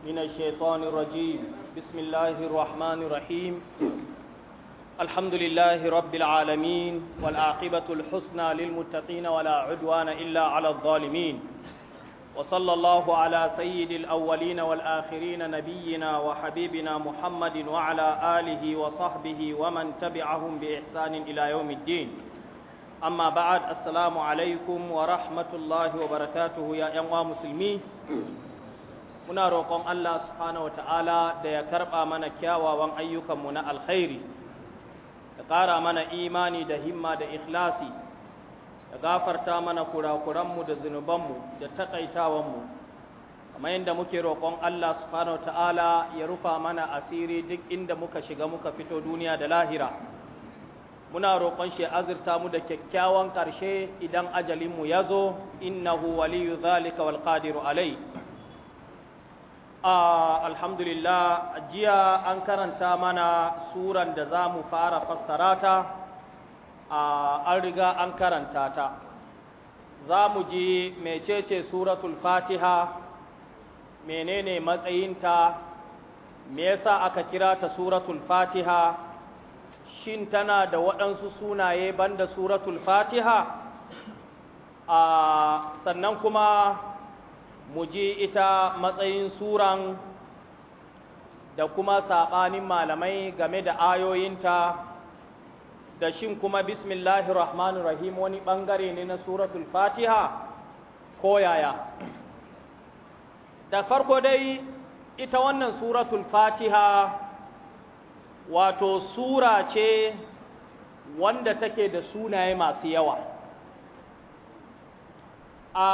من الشيطان الرجيم بسم الله الرحمن الرحيم الحمد لله رب العالمين والعاقبة الحسنى للمتقين ولا عدوان إلا على الظالمين وصلى الله على سيد الأولين والآخرين نبينا وحبيبنا محمد وعلى آله وصحبه ومن تبعهم بإحسان إلى يوم الدين أما بعد السلام عليكم ورحمة الله وبركاته يا أموى مسلمين muna roƙon Allah subhanahu ta'ala da ya karɓa mana kyawawan ayyukanmu na alkhairi da ƙara mana imani da himma da ikhlasi da gafarta mana kurakuranmu da zunubanmu da taƙaitawanmu kamar yadda muke roƙon Allah subhanahu ta'ala ya rufa mana asiri duk inda muka shiga muka fito duniya da lahira muna roƙon shi azurta mu da kyakkyawan ƙarshe idan ajalinmu ya zo innahu waliyu zalika wal qadiru alai alhamdulillah jiya an karanta mana suran da za mu fara fassara ta an riga an karanta ta za mu ji mecece suratul fatiha menene matsayinta me yasa aka kira ta suratul fatiha shin tana da waɗansu sunaye banda suratul fatiha sannan kuma mu ji ita matsayin suran da kuma saɓanin malamai game da ayoyinta da shin kuma bismillahir rahmanir rahim wani ɓangare ne na suratul fatiha ko yaya da farko dai ita wannan suratul fatiha wato sura ce wanda take da sunaye masu yawa a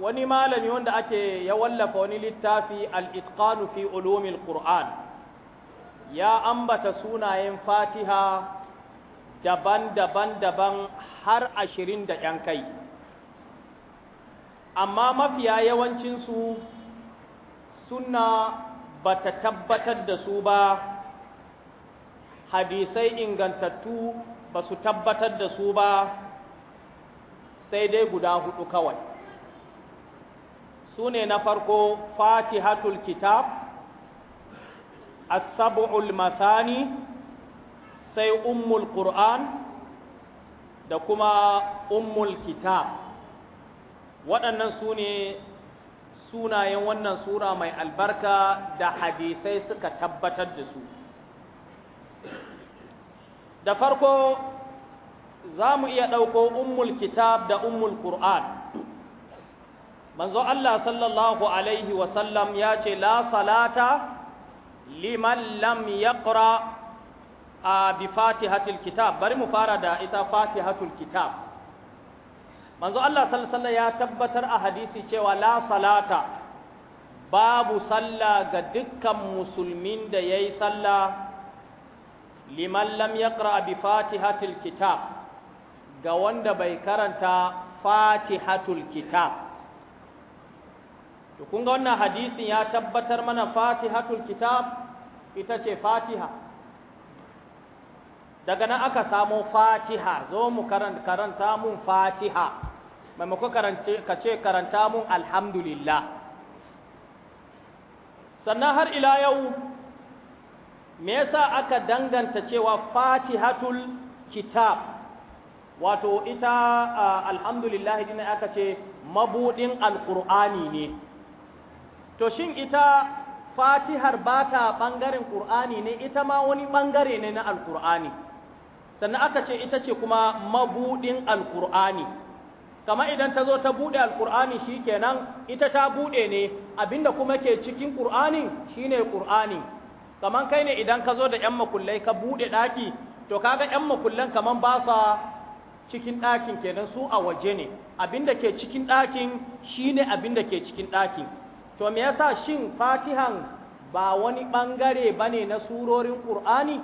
wani malami wanda ake ya wallafa wani littafi al fi ulumin qur'an ya ambata sunayen fatiha daban-daban daban har ashirin da ‘yan kai amma mafiya yawancinsu suna ba ta tabbatar da su ba hadisai ingantattu ba su tabbatar da su ba sai dai guda hudu kawai su ne na farko fatihatul kitab as masani sai ummul qur'an da kuma ummul kitab waɗannan su ne sunayen wannan sura mai albarka da hadisai suka tabbatar da su da farko za mu iya ɗauko ummul kitab da ummul qur'an manzo Allah sallallahu alaihi wasallam ya ce la salata liman lam yaqra a bi fatihatul kitab bari mu fara da ita fatihatul kitab manzo Allah sallallahu alaihi ya tabbatar a hadisi cewa la salata babu sallah ga dukkan musulmin da yayi salla, liman lam yaqra bi fatihatul kitab ga wanda bai karanta fatihatul kitab to kun ga wannan hadisin ya tabbatar mana fatihatul kitab ita ce fatiha daga nan aka samo fatiha zo mu karanta mun fatiha maimakon ka ce karanta mun alhamdulillah sannan har ila yau me yasa aka danganta cewa fatihatul kitab wato ita alhamdulillah din aka ce mabudin alqur'ani ne to shin ita fatihar ba ta ɓangaren ƙur'ani ne ita ma wani ɓangare ne na alƙur'ani sannan aka ce ita ce kuma mabuɗin alƙur'ani kama idan ta zo ta buɗe alƙur'ani shi kenan ita ta buɗe ne abinda kuma ke cikin ƙur'ani shi ne ƙur'ani kaman kai ne idan ka zo da ‘yan makullai ka buɗe ɗaki to kaga ‘yan makullan kaman ba sa cikin ɗakin kenan su a waje ne abinda ke cikin ɗakin shi ne abinda ke cikin ɗakin to me yasa shin fatihan ba wani bangare bane na surorin qur'ani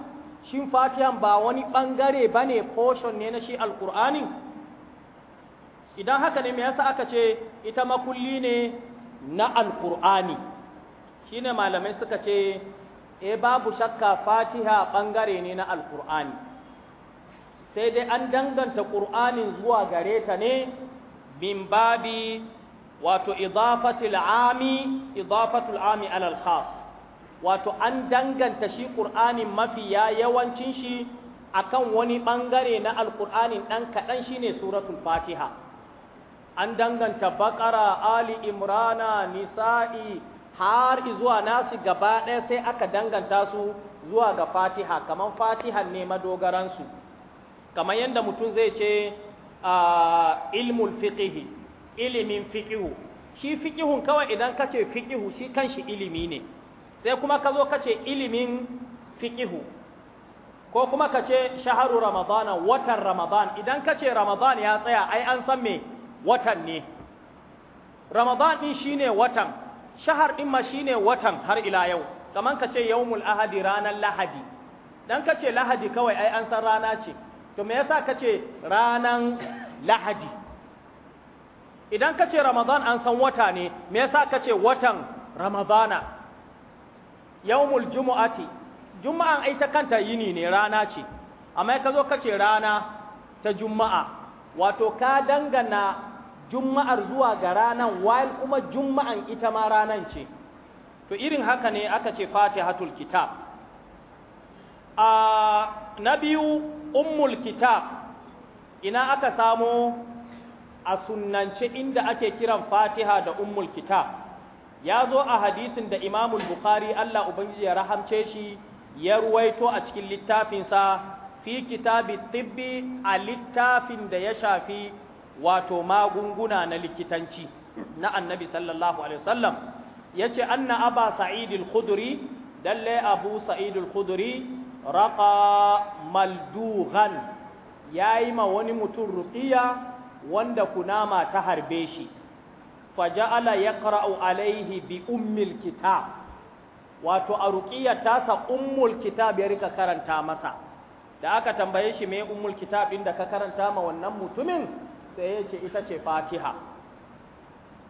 shin fatihan ba wani bangare bane portion ne na shi alqur'ani idan haka ne me yasa aka ce ita makulli ne na alqur'ani shine malamai suka ce e babu shakka fatiha ɓangare ne na alqur'ani sai dai an danganta qur'anin zuwa gareta ne min babi wato idafatul ami idafatul ami alal khas wato an danganta shi qur'anin mafiya yawancin shi akan wani bangare na alqur'anin dan kadan shine suratul fatiha an danganta baqara ali imrana nisa'i har zuwa nasu gaba ɗaya sai aka danganta su zuwa ga fatiha kamar fatihan ne madogaransu kamar yadda mutum zai ce ah, ilmul fiqihi ilimin fiƙihu, shi fiƙihun kawai idan kace fiƙihu shi kanshi ilimi ne sai kuma ka zo kace ilimin fiƙihu ko kuma kace shaharu ramadana watan ramadan idan kace ramadan ya tsaya ai an san me watan ne ramadan din ne watan shahar din ma shine watan har ila yau kaman kace yawmul ahadi ranar lahadi dan kace lahadi kawai ai an san rana ce to me yasa kace ranan lahadi idan ka ce ramadan an san wata ne me yasa ka ce watan ramadana yawmul jumu'ati juma'an ai ta kanta yini ne rana ce amma ka zo ka ce rana ta juma'a wato ka dangana juma'ar zuwa ga ranan while kuma juma'an ita ma ranan ce to irin haka ne aka ce fatihatul kitab a ah, na biyu ummul kitab ina aka samo a sunnance inda ake kiran fatiha da ummul kitab ya zo a hadisin da imamul bukhari allah ubangiji ya rahamce shi ya ruwaito a cikin littafinsa fi kitabi tibbi a littafin da ya shafi wato magunguna na likitanci na annabi sallallahu alaihi wasallam ya ce anna aba sa'id al-khudri dalle abu sa'id al-khudri raqa maldughan ma wani mutum ruqiya wanda kunama ta harbe shi faja'ala yaqra'u alaihi bi ummil kitab wato a ta tasa ummul kitab ya rika karanta masa da aka tambaye shi me ummul kitab din da ka karanta ma wannan mutumin sai ya ce ita ce fatiha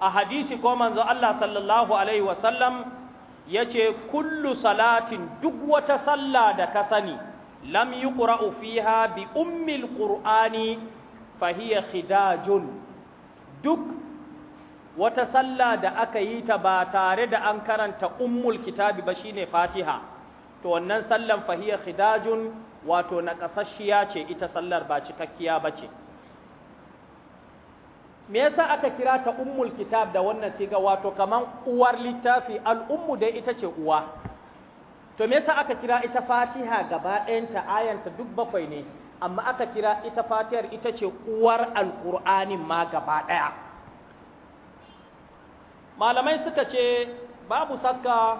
a hadisi ko manzo Allah sallallahu alaihi wasallam yace kullu salatin duk wata sallah da ka sani lam yuqra'u fiha bi ummil qur'ani fahiya khidajun duk wata sallah da aka yi ta ba tare da an karanta ummul kitabi ba shine fatiha to wannan sallan fahiya khidajun wato naƙasasshiya ce ita sallar ba cikakkiya ba ce me yasa aka kira ta ummul kitab da wannan siga wato kaman uwar littafi al'ummu da ita ce uwa to me yasa aka kira ita fatiha gaba ɗayanta ayanta duk bakwai ne amma aka kira ita fatiyar ita ce uwar alkur'ani ma gaba ɗaya malamai suka ce babu sakka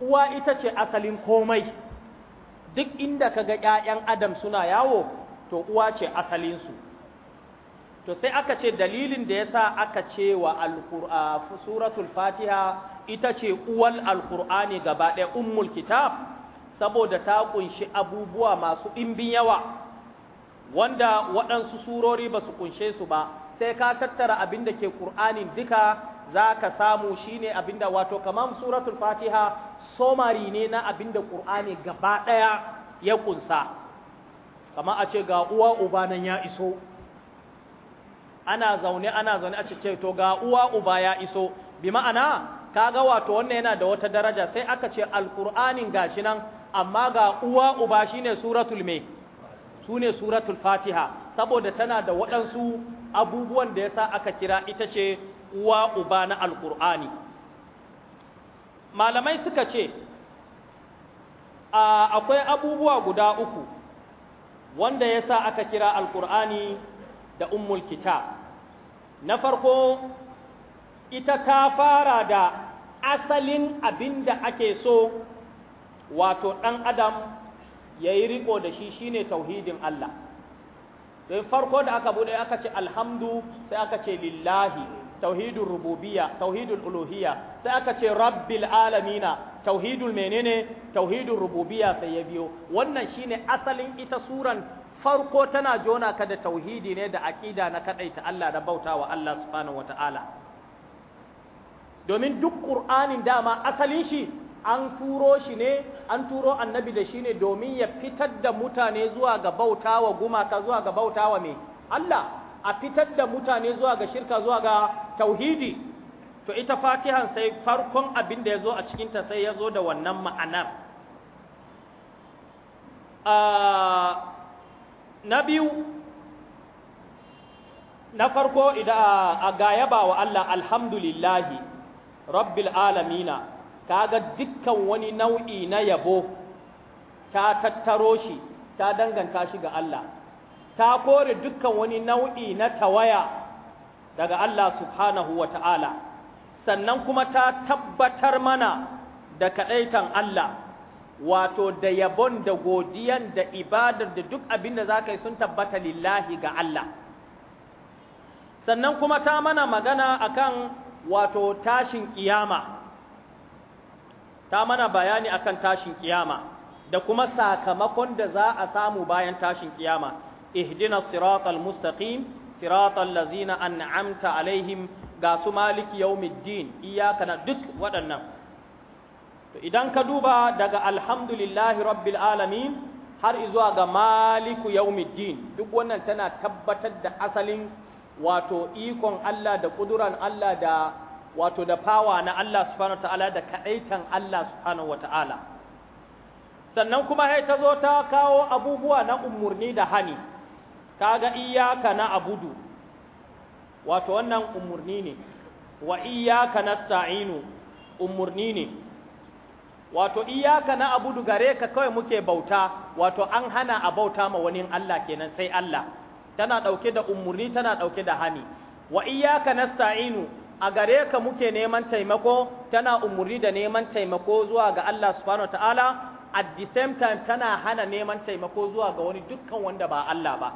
uwa ita ce asalin komai duk inda ka ga ‘ya'yan adam suna yawo to uwa ce asalinsu to sai aka ce dalilin da ya sa aka ce wa suratul fatiha ita ce uwal alkur'ani gaba ɗaya ummul kitab saboda ta ƙunshi abubuwa masu ɗimbin yawa wanda waɗansu surori ba su kunshe su ba sai ka tattara abin da ke ƙur'anin duka za ka samu shine abin da wato kamar suratul fatiha somari ne na abin da ƙur'ani gaba ɗaya ya ƙunsa kama a ce ga uwa uba nan ya iso ana zaune ana zaune a ce to ga uwa uba ya iso bi ma'ana ga wato wannan yana da wata daraja sai aka ce alƙur'anin gashi nan amma ga uwa uba shine suratul mai su ne suratul fatiha saboda tana da waɗansu abubuwan da ya sa aka kira ita ce uwa uba na alƙur'ani malamai suka ce akwai abubuwa guda uku wanda ya sa aka kira alƙur'ani da ummul kitab na farko ita ta fara da asalin abin da ake so wato ɗan adam ya yi riko da shi shine tauhidin Allah don farko da aka bude aka ce alhamdu sai aka ce lillahi tauhidun rububiya, tauhidul uluhiyya sai aka ce rabbil alamina tauhidun menene tauhidun rububiya sai ya biyo wannan shine asalin ita suran farko tana jona ka da tauhidi ne da aqida na kadaita Allah da bautawa Allah subhanahu wataala domin duk qur'anin dama asalin shi an turo shi ne an turo annabi da shi ne domin ya fitar da mutane zuwa ga bautawa gumaka zuwa ga bautawa me Allah a fitar da mutane zuwa ga shirka zuwa ga tauhidi to ita fatihan sai farkon abin da ya zo a cikinta sai ya zo da wannan ma'anar ah, na biyu na farko idan a gayaba wa Allah alhamdulillahi rabbil alamina kaga dukkan wani nau'i na yabo ta tattaro shi ta danganta shi ga Allah ta kore dukkan wani nau'i na tawaya daga Allah subhanahu wa sannan kuma ta tabbatar mana da kaɗaitan Allah wato da yabon da godiyan da ibadar da duk abin da za ka yi sun tabbata lillahi ga Allah sannan kuma ta mana magana akan wato tashin kiyama ta mana bayani akan tashin kiyama da kuma sakamakon da za a samu bayan tashin kiyama ihdina siratal mustaqim siratal ladzina an'amta alaihim ga su maliki yawmiddin iyyaka na duk waɗannan to idan ka duba daga alhamdulillahi rabbil alamin har zuwa ga maliku yawmiddin duk wannan tana tabbatar da asalin wato ikon Allah da kuduran Allah da wato da fawa na Allah subhanahu wataala da kadaitan Allah subhanahu wataala sannan kuma sai ta zo ta kawo abubuwa na umarni da hani kaga iyyaka na abudu wato wannan umarni ne wa iyyaka nasta'inu umarni ne wato iyyaka na abudu gare ka kawai muke bauta wato an hana a bauta ma wani Allah kenan sai Allah tana dauke da umarni tana dauke da hani wa iyyaka nasta'inu a gare ka muke neman taimako tana umuri da neman taimako zuwa ga Allah subhanahu ta'ala at the same time tana hana neman taimako zuwa ga wani dukkan wanda ba Allah ba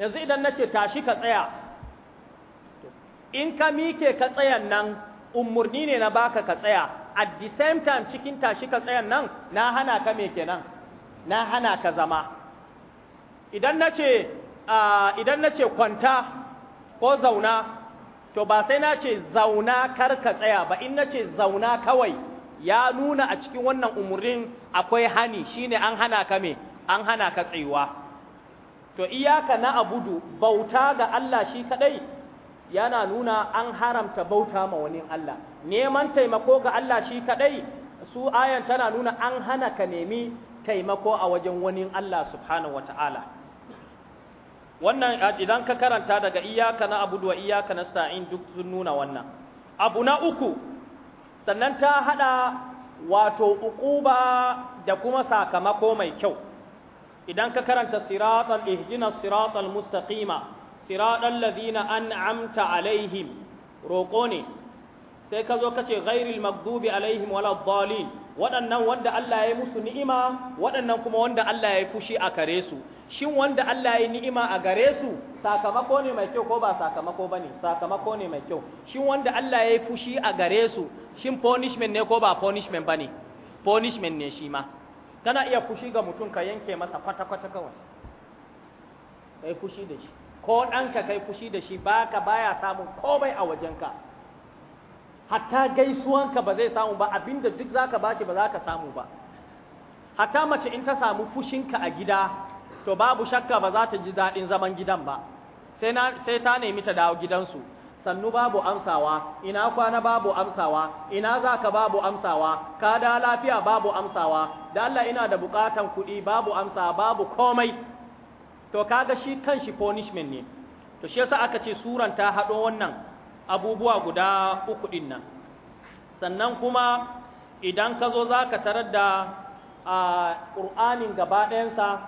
yanzu idan nace tashi ka tsaya in ka mike ka tsayan nan umurni ne na baka ka tsaya at the same time cikin tashi ka tsayan nan na hana ka me kenan na hana ka zama idan nace ah, idan nace kwanta ko zauna to ba sai na ce zauna kar ka tsaya ba in na ce zauna kawai ya nuna a cikin wannan umurin akwai hani shine an hana ka me an hana ka tsayuwa to iyaka na abudu bauta ga Allah shi kadai yana nuna an haramta bauta ma wani Allah neman taimako ga Allah shi kadai su ayan tana nuna an hana ka nemi taimako a wajen wani Allah subhanahu wataala wannan idan ka karanta daga iyaka na abudu wa iyaka na sa'in duk sun nuna wannan abu na uku sannan ta hada wato ukuba da kuma sakamako mai kyau idan ka karanta siratal ihdina siratal mustaqima siratal ladina an'amta alaihim roko ne sai ka zo ka ce ghairil maghdubi alaihim wala dhalin waɗannan wanda Allah ya musu ni'ima waɗannan kuma wanda Allah ya fushi a kare su shin wanda Allah ya ni'ima a gare su sakamako ne mai kyau ko ba sakamako ba ne? sakamako ne mai kyau shin wanda Allah ya fushi a gare su shin punishment ne ko ba punishment ba ne? punishment ne shi ma kana iya fushi ga mutum ka yanke masa kwata kwata kawai kai fushi da shi ko ɗanka kai fushi da shi baka baya samun komai a wajenka hatta gaisuwanka ba zai samu ba abinda duk zaka bashi ba zaka samu ba hatta mace in ta samu fushinka a gida to babu shakka ba za ta ji daɗin zaman gidan ba sai na sai ta nemi ta dawo gidansu sannu babu amsawa ina kwana babu amsawa ina zaka babu amsawa ka da lafiya babu amsawa da Allah ina da bukatan kuɗi babu amsa babu komai to kaga shi kanshi punishment ne to shi yasa aka ce suran ta haɗo wannan abubuwa guda uku ɗin nan sannan kuma idan ka zo za ka tarar da ƙur'anin gaba ɗayansa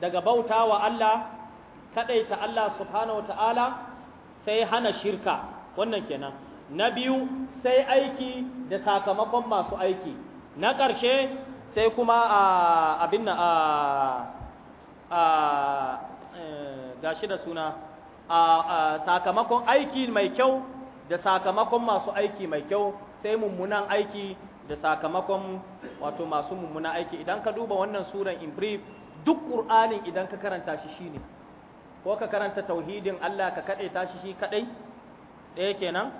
daga bauta wa Allah kaɗaita Allah subhanahu ta'ala sai hana shirka wannan kenan na biyu sai aiki da sakamakon masu aiki na ƙarshe sai kuma abin na eh, gashi da suna sakamakon aiki mai kyau da sakamakon masu aiki mai kyau sai mummunan aiki da sakamakon wato masu mummunan aiki idan ka duba wannan suran in brief duk qur'anin idan ka karanta shi shine ko ka karanta tauhidin Allah ka kade ta shi kadai ɗaya kenan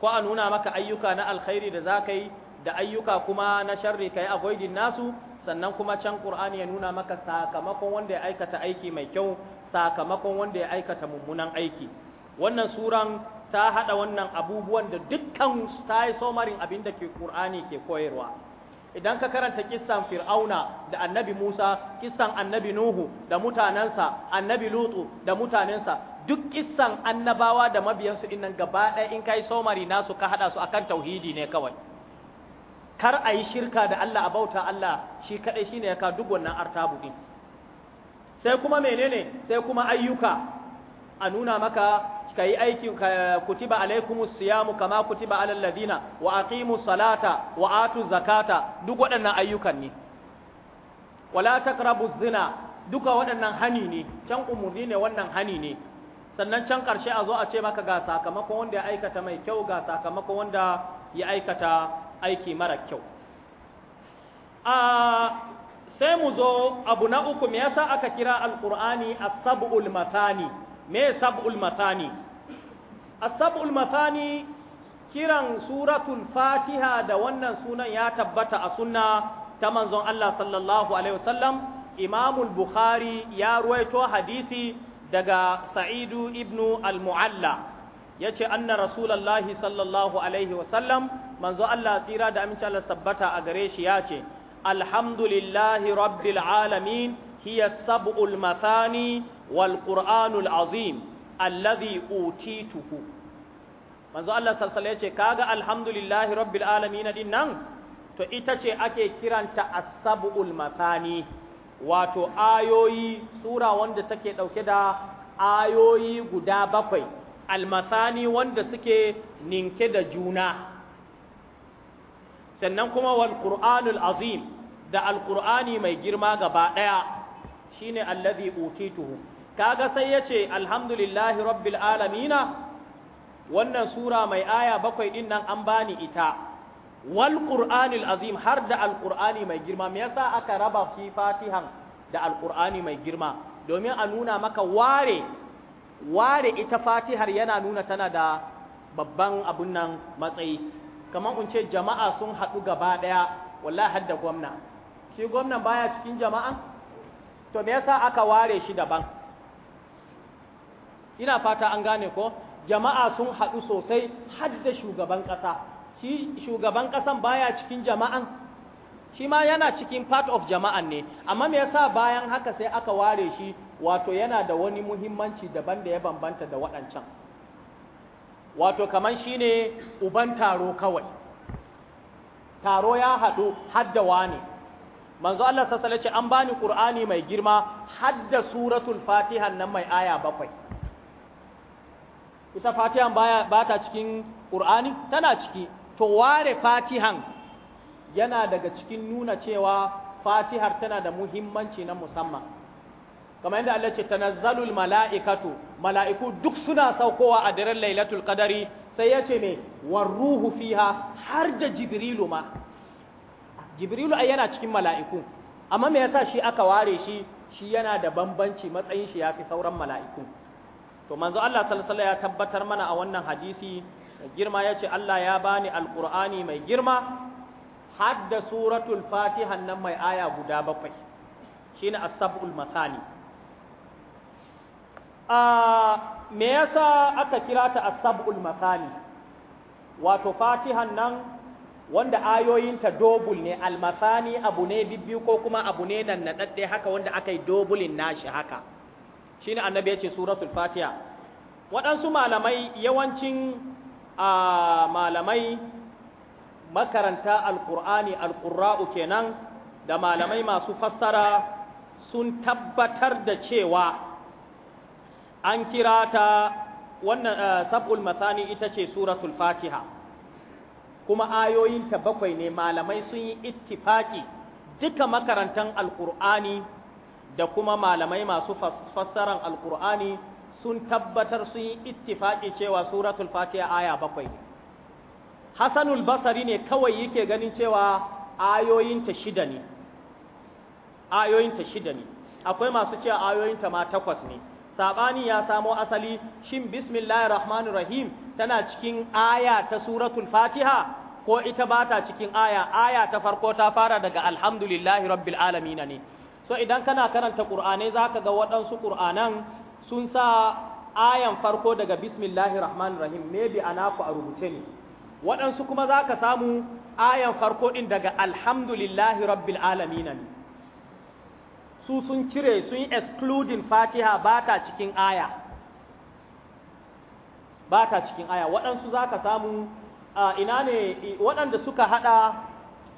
ko a nuna maka ayyuka na alkhairi da za ka yi da ayyuka kuma na sharri ka yi nasu sannan kuma can qur'ani ya nuna maka sakamakon wanda ya aikata aiki mai kyau sakamakon wanda ya aikata mummunan aiki wannan suran ta haɗa wannan abubuwan da dukkan ta yi somarin abin da ke Kur'ani ke koyarwa idan ka karanta kissan fir'auna da annabi musa kissan annabi nuhu da mutanensa annabi lutu da mutanensa duk kissan annabawa da mabiyansu nan gaba ɗaya in ka yi somari nasu ka haɗa su akan tauhidi ne kawai kar a yi shirka da Allah a bauta Allah shi kaɗai shine ya ka duk wannan artabu din sai kuma menene sai kuma ayyuka a nuna maka ka yi aiki kutiba alaikumus siyamu kama kutiba alal ladina wa aqimus salata wa atu zakata duk waɗannan ayyukan ne wala taqrabu zina duka waɗannan hani ne can umurni ne wannan hani ne sannan can ƙarshe a zo a ce maka ga sakamakon wanda ya aikata mai kyau ga sakamakon wanda ya aikata aiki mara kyau a sai mu zo abu na uku me yasa aka kira alqur'ani as-sab'ul masani me sab'ul masani as-sab'ul masani kiran suratul fatiha da wannan sunan ya tabbata a sunna ta manzon Allah sallallahu alaihi wasallam imamul bukhari ya ruwaito hadisi daga sa'idu ibnu al-mu'alla yace anna rasulullahi sallallahu alaihi wasallam manzo Allah tsira da aminci Allah tabbata a gare shi yace alhamdulillahi rabbil alamin hiya sab'ul mathani wal qur'anul azim allazi manzo Allah sallallahu alaihi wasallam kaga alhamdulillahi rabbil alamin din nan to ita ce ake kiranta as-sab'ul mathani wato ayoyi sura wanda take dauke da ayoyi guda bakwai almasani wanda suke ninke da juna sannan kuma wal qur'anul azim da alqur'ani mai girma gaba daya shine allazi utituhu kaga sai yace alhamdulillahi rabbil alamina wannan sura mai aya bakwai din nan an bani ita wal qur'anil azim har da Al-Qur'ani mai girma me yasa aka raba fi fatihan da Al-Qur'ani mai girma domin a nuna maka ware ware ita fatihar yana nuna tana da babban abun nan matsayi kamar kun ce jama'a sun haɗu gaba ɗaya wallahi har da gwamna shi gwamnan baya cikin jama'a to me yasa aka ware shi daban ina fata an gane ko jama'a sun haɗu sosai har da shugaban ƙasa shi shugaban ƙasan baya cikin jama'an shi ma yana cikin part of jama'an ne amma me yasa bayan haka sai aka ware shi wato yana da wani muhimmanci daban da ya bambanta da waɗancan wato kaman shine uban taro kawai taro ya haɗu da ne manzo Allah sassale ce an bani Qur'ani mai girma hadda suratul fatiha nan mai aya bakwai ita Fatiha baya ba ta cikin Qur'ani tana ciki to ware fatihan yana daga cikin nuna cewa fatihar tana da muhimmanci na musamman kamar yadda Allah ce tanazzalul mala'ikatu mala'iku duk suna saukowa a daren lailatul qadari sai yace ce me warruhu fiha har da jibrilu ma jibrilu ai yana cikin mala'iku amma me yasa shi aka ware shi shi yana da bambanci matsayin shi yafi sauran mala'iku to manzo Allah sallallahu ya tabbatar mana a wannan hadisi girma yace Allah ya bani Alƙur'ani mai girma hadda suratul Fatihan nan mai aya guda bakwai shine as-sab'ul masani a me yasa aka kira ta asab'ul masani wato fatihan nan wanda ayoyinta dobul ne almasani abu ne bibbi, ko kuma abu ne nan naɗaɗɗe haka wanda aka yi dobulin nashi haka Shin annabi ya ce suratul fatiha waɗansu malamai yawancin a malamai makaranta alƙur'ani alƙura'u kenan da malamai masu fassara sun tabbatar da cewa an kira ta wannan sab'ul masani ita ce suratul fatiha kuma ayoyinta bakwai ne malamai sun yi ittifaki duka makarantan alkur'ani da kuma malamai masu fassaran alkur'ani sun tabbatar sun yi ittifaki cewa suratul fatiha aya bakwai ne hasanul basari ne kawai yake ganin cewa ayoyinta shida ne ayoyinta shida ne akwai masu cewa ayoyinta ma takwas ne sabani ya samo asali shin bismillahir rahmanir rahim tana cikin aya ta suratul fatiha ko ita ba ta cikin aya aya ta farko ta fara daga alhamdulillahi rabbil alamin ne so idan kana karanta ƙur'anai zaka ga waɗansu qur'anan sun sa ayan farko daga bismillahir rahmanir rahim bi anaku a rubuce ne waɗansu kuma zaka samu ayan farko din daga alhamdulillahi rabbil alamin ne su sun cire sun excluding fatiha ba ta cikin aya ba ta cikin aya waɗansu za ka samu ina ne waɗanda suka haɗa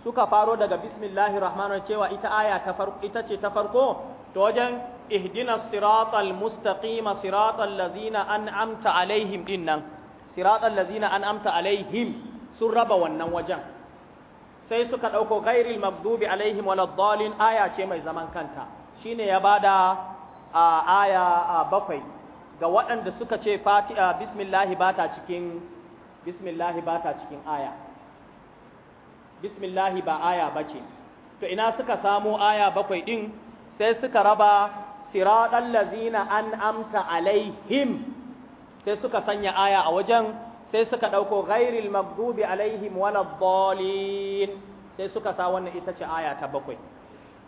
suka faro daga bismillahi rahmanar cewa ita aya ita ce ta farko to wajen ihdina siratal mustaqima siratal lazina an'amta alaihim dinnan siratal lazina an'amta alaihim sun raba wannan wajen sai suka ɗauko gairil magdubi alaihim waladdalin aya ce mai zaman kanta shine ya bada aya bakwai ga waɗanda suka ce Fati'a bismillahi ba ta cikin bismillahi ba ta cikin aya bismillahi ba aya ba ce to ina suka samo aya bakwai ɗin sai suka raba siraɗan lazina an amta alaihim sai suka sanya aya a wajen sai suka ɗauko ghairil magdubi alaihim wala sai suka sa wannan ita ce aya ta bakwai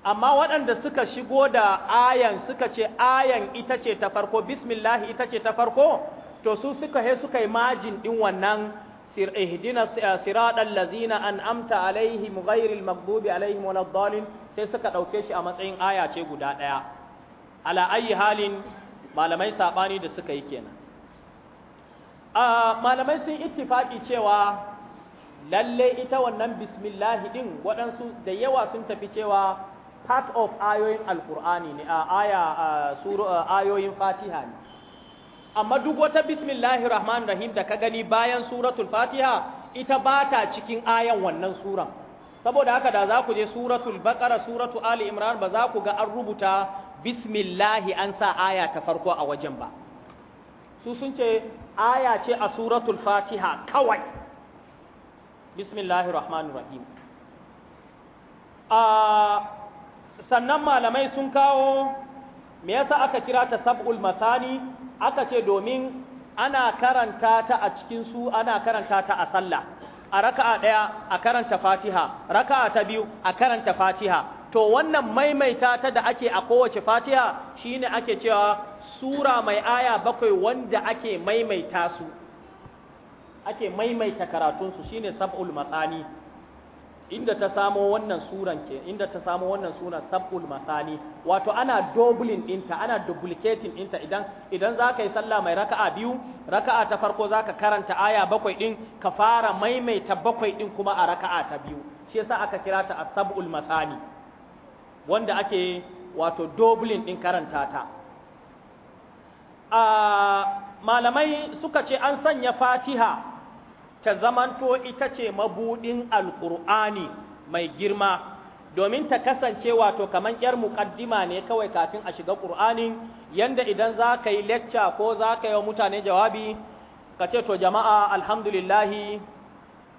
amma waɗanda suka shigo da ayan suka ce ayan ita ce ta farko bismillahi ita ce ta farko to su suka he suka yi majin ɗin wannan sir ihdina eh, siratal lazina an'amta alaihim ghairil maghdubi alaihim waladdallin sai suka ɗauke shi a matsayin aya ce guda ɗaya ala ayi halin malamai sabani da suka yi kenan a malamai sun ittifaki cewa lalle ita wannan bismillahi din waɗansu da yawa sun tafi cewa part of ayoyin Alƙur'ani ne a aya ayoyin fatiha ne amma duk wata bismillahir rahmanir rahim da ka gani bayan suratul fatiha ita ba ta cikin ayan wannan suran saboda haka da za ku je suratul baqara suratul ali imran ba za ku ga an rubuta bismillahi an sa aya ta farko a wajen ba su sun ce aya ce a suratul fatiha kawai bismillahir rahmanir rahim a sannan malamai sun kawo me yasa aka kira ta sab'ul masani aka ce domin ana karanta ta a cikin su ana karanta ta a sallah a raka'a ɗaya a karanta fatiha raka'a ta biyu a karanta fatiha to wannan maimaita ta da ake a kowace fatiha shine ake cewa sura mai aya bakwai wanda ake maimaita su ake maimaita karatun karatunsu shine sab'ul masani inda ta samo wannan suran ke inda ta samo wannan sunan sabul masani wato ana doubling dinta ana duplicating dinta idan idan zaka yi sallah mai raka'a biyu raka'a ta farko zaka karanta aya bakwai din ka fara maimaita bakwai din kuma a raka'a ta biyu shi yasa aka kira ta as-sabul masani wanda ake wato doubling din karanta ta a ah, malamai suka ce an sanya fatiha ta zamanto ita ce mabuɗin alƙur'ani mai girma domin ta kasance wato kamar ‘yar muƙaddima ne kawai kafin a shiga ƙur'anin yanda idan za ka yi lecture ko za ka yi mutane jawabi ka ce to jama'a alhamdulillahi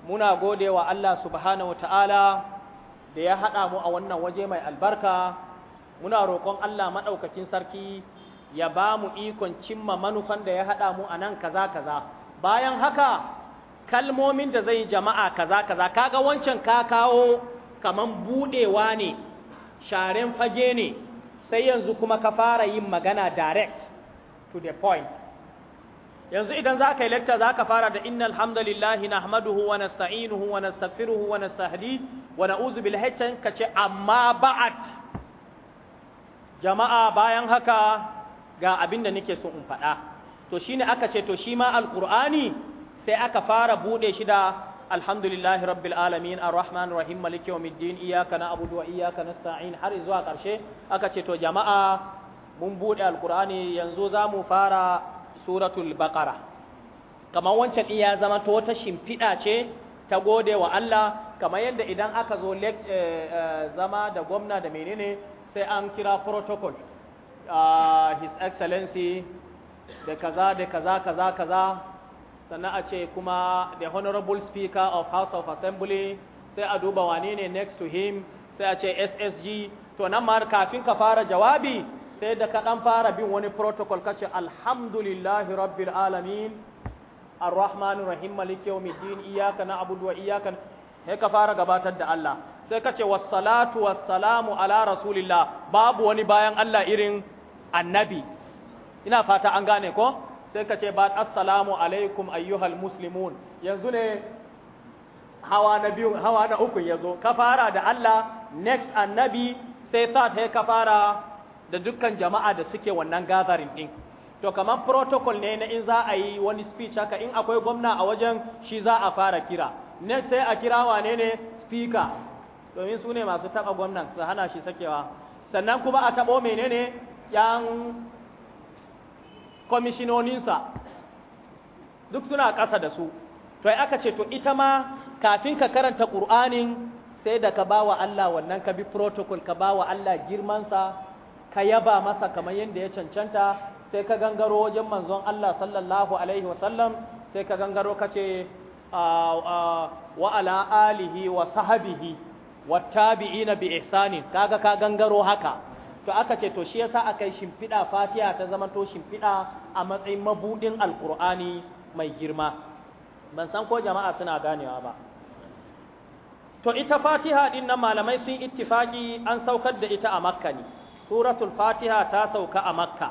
muna gode wa Allah subhanahu ta'ala da ya haɗa mu a wannan waje mai albarka muna roƙon Allah maɗaukakin sarki ya ba mu ikon cimma manufan da ya haɗa mu a nan kaza kaza bayan haka kalmomin da zai jama'a kaza kaza kaga wancan ka kawo kaman budewa ne sharen fage ne sai yanzu kuma ka fara yin magana direct to the point yanzu idan za ka yi lecture za ka fara da innal hamdalillahi nahmaduhu wa nasta'inuhu wa nastaghfiruhu wa nastahdi wa na'udhu bil hajjan kace amma ba'at jama'a bayan haka ga abin da nake so in faɗa to shine aka ce to shi ma alqur'ani sai aka fara bude shi da alhamdulillahi rabbil alamin arrahman rahim maliki yawmiddin iyyaka na'budu wa iyyaka nasta'in har zuwa karshe aka ce to jama'a mun bude alqur'ani yanzu zamu fara suratul baqara kamar wancan din ya zama to ta shimfiɗa ce ta gode wa Allah kamar yadda idan aka zo eh, eh, zama da gwamna da menene sai an kira protocol ah, his excellency da kaza da kaza kaza kaza sannan a ce kuma the honorable speaker of house of assembly sai a duba wane ne next to him sai a ce ssg to nan ma kafin ka fara jawabi sai da ka dan fara bin wani protocol kace alhamdulillahi rabbil alamin arrahmanir rahim maliki yawmiddin iyyaka na'budu wa iyyaka sai ka fara gabatar da Allah sai kace wassalatu wassalamu ala rasulillah babu wani bayan Allah irin annabi ina fata an gane ko sai ka ce ba assalamu alaikum ayyuhal muslimun yanzu ne hawa na biyu hawa na uku yazo ka fara da Allah next annabi sai sa ta ka fara da dukkan jama'a da suke wannan gathering din to kamar protocol ne na in za a yi wani speech haka in akwai gwamna a wajen shi za a fara kira next sai a kira wane ne speaker domin su ne masu taba gwamnan su hana shi sakewa sannan kuma a tabo menene yan kwamishinoninsa duk suna ƙasa da su to aka ce to ita ma kafin ka karanta ƙur'anin sai da ka ba wa Allah wannan ka bi protocol ka ba wa Allah girmansa ka yaba masa kamar yadda ya cancanta sai ka gangaro wajen manzon Allah sallallahu alaihi wasallam sai ka gangaro ka ce wa alihi wa sahabihi wa tabi'ina bi ihsani kaga ka gangaro haka to aka ce to shi yasa aka yi shimfiɗa fatiha ta zama to shimfiɗa a matsayin mabuɗin alkur'ani mai girma ban san ko jama'a suna ganewa ba to ita fatiha ɗin nan malamai sun ittifaki an saukar da ita a makka ne suratul fatiha ta sauka a makka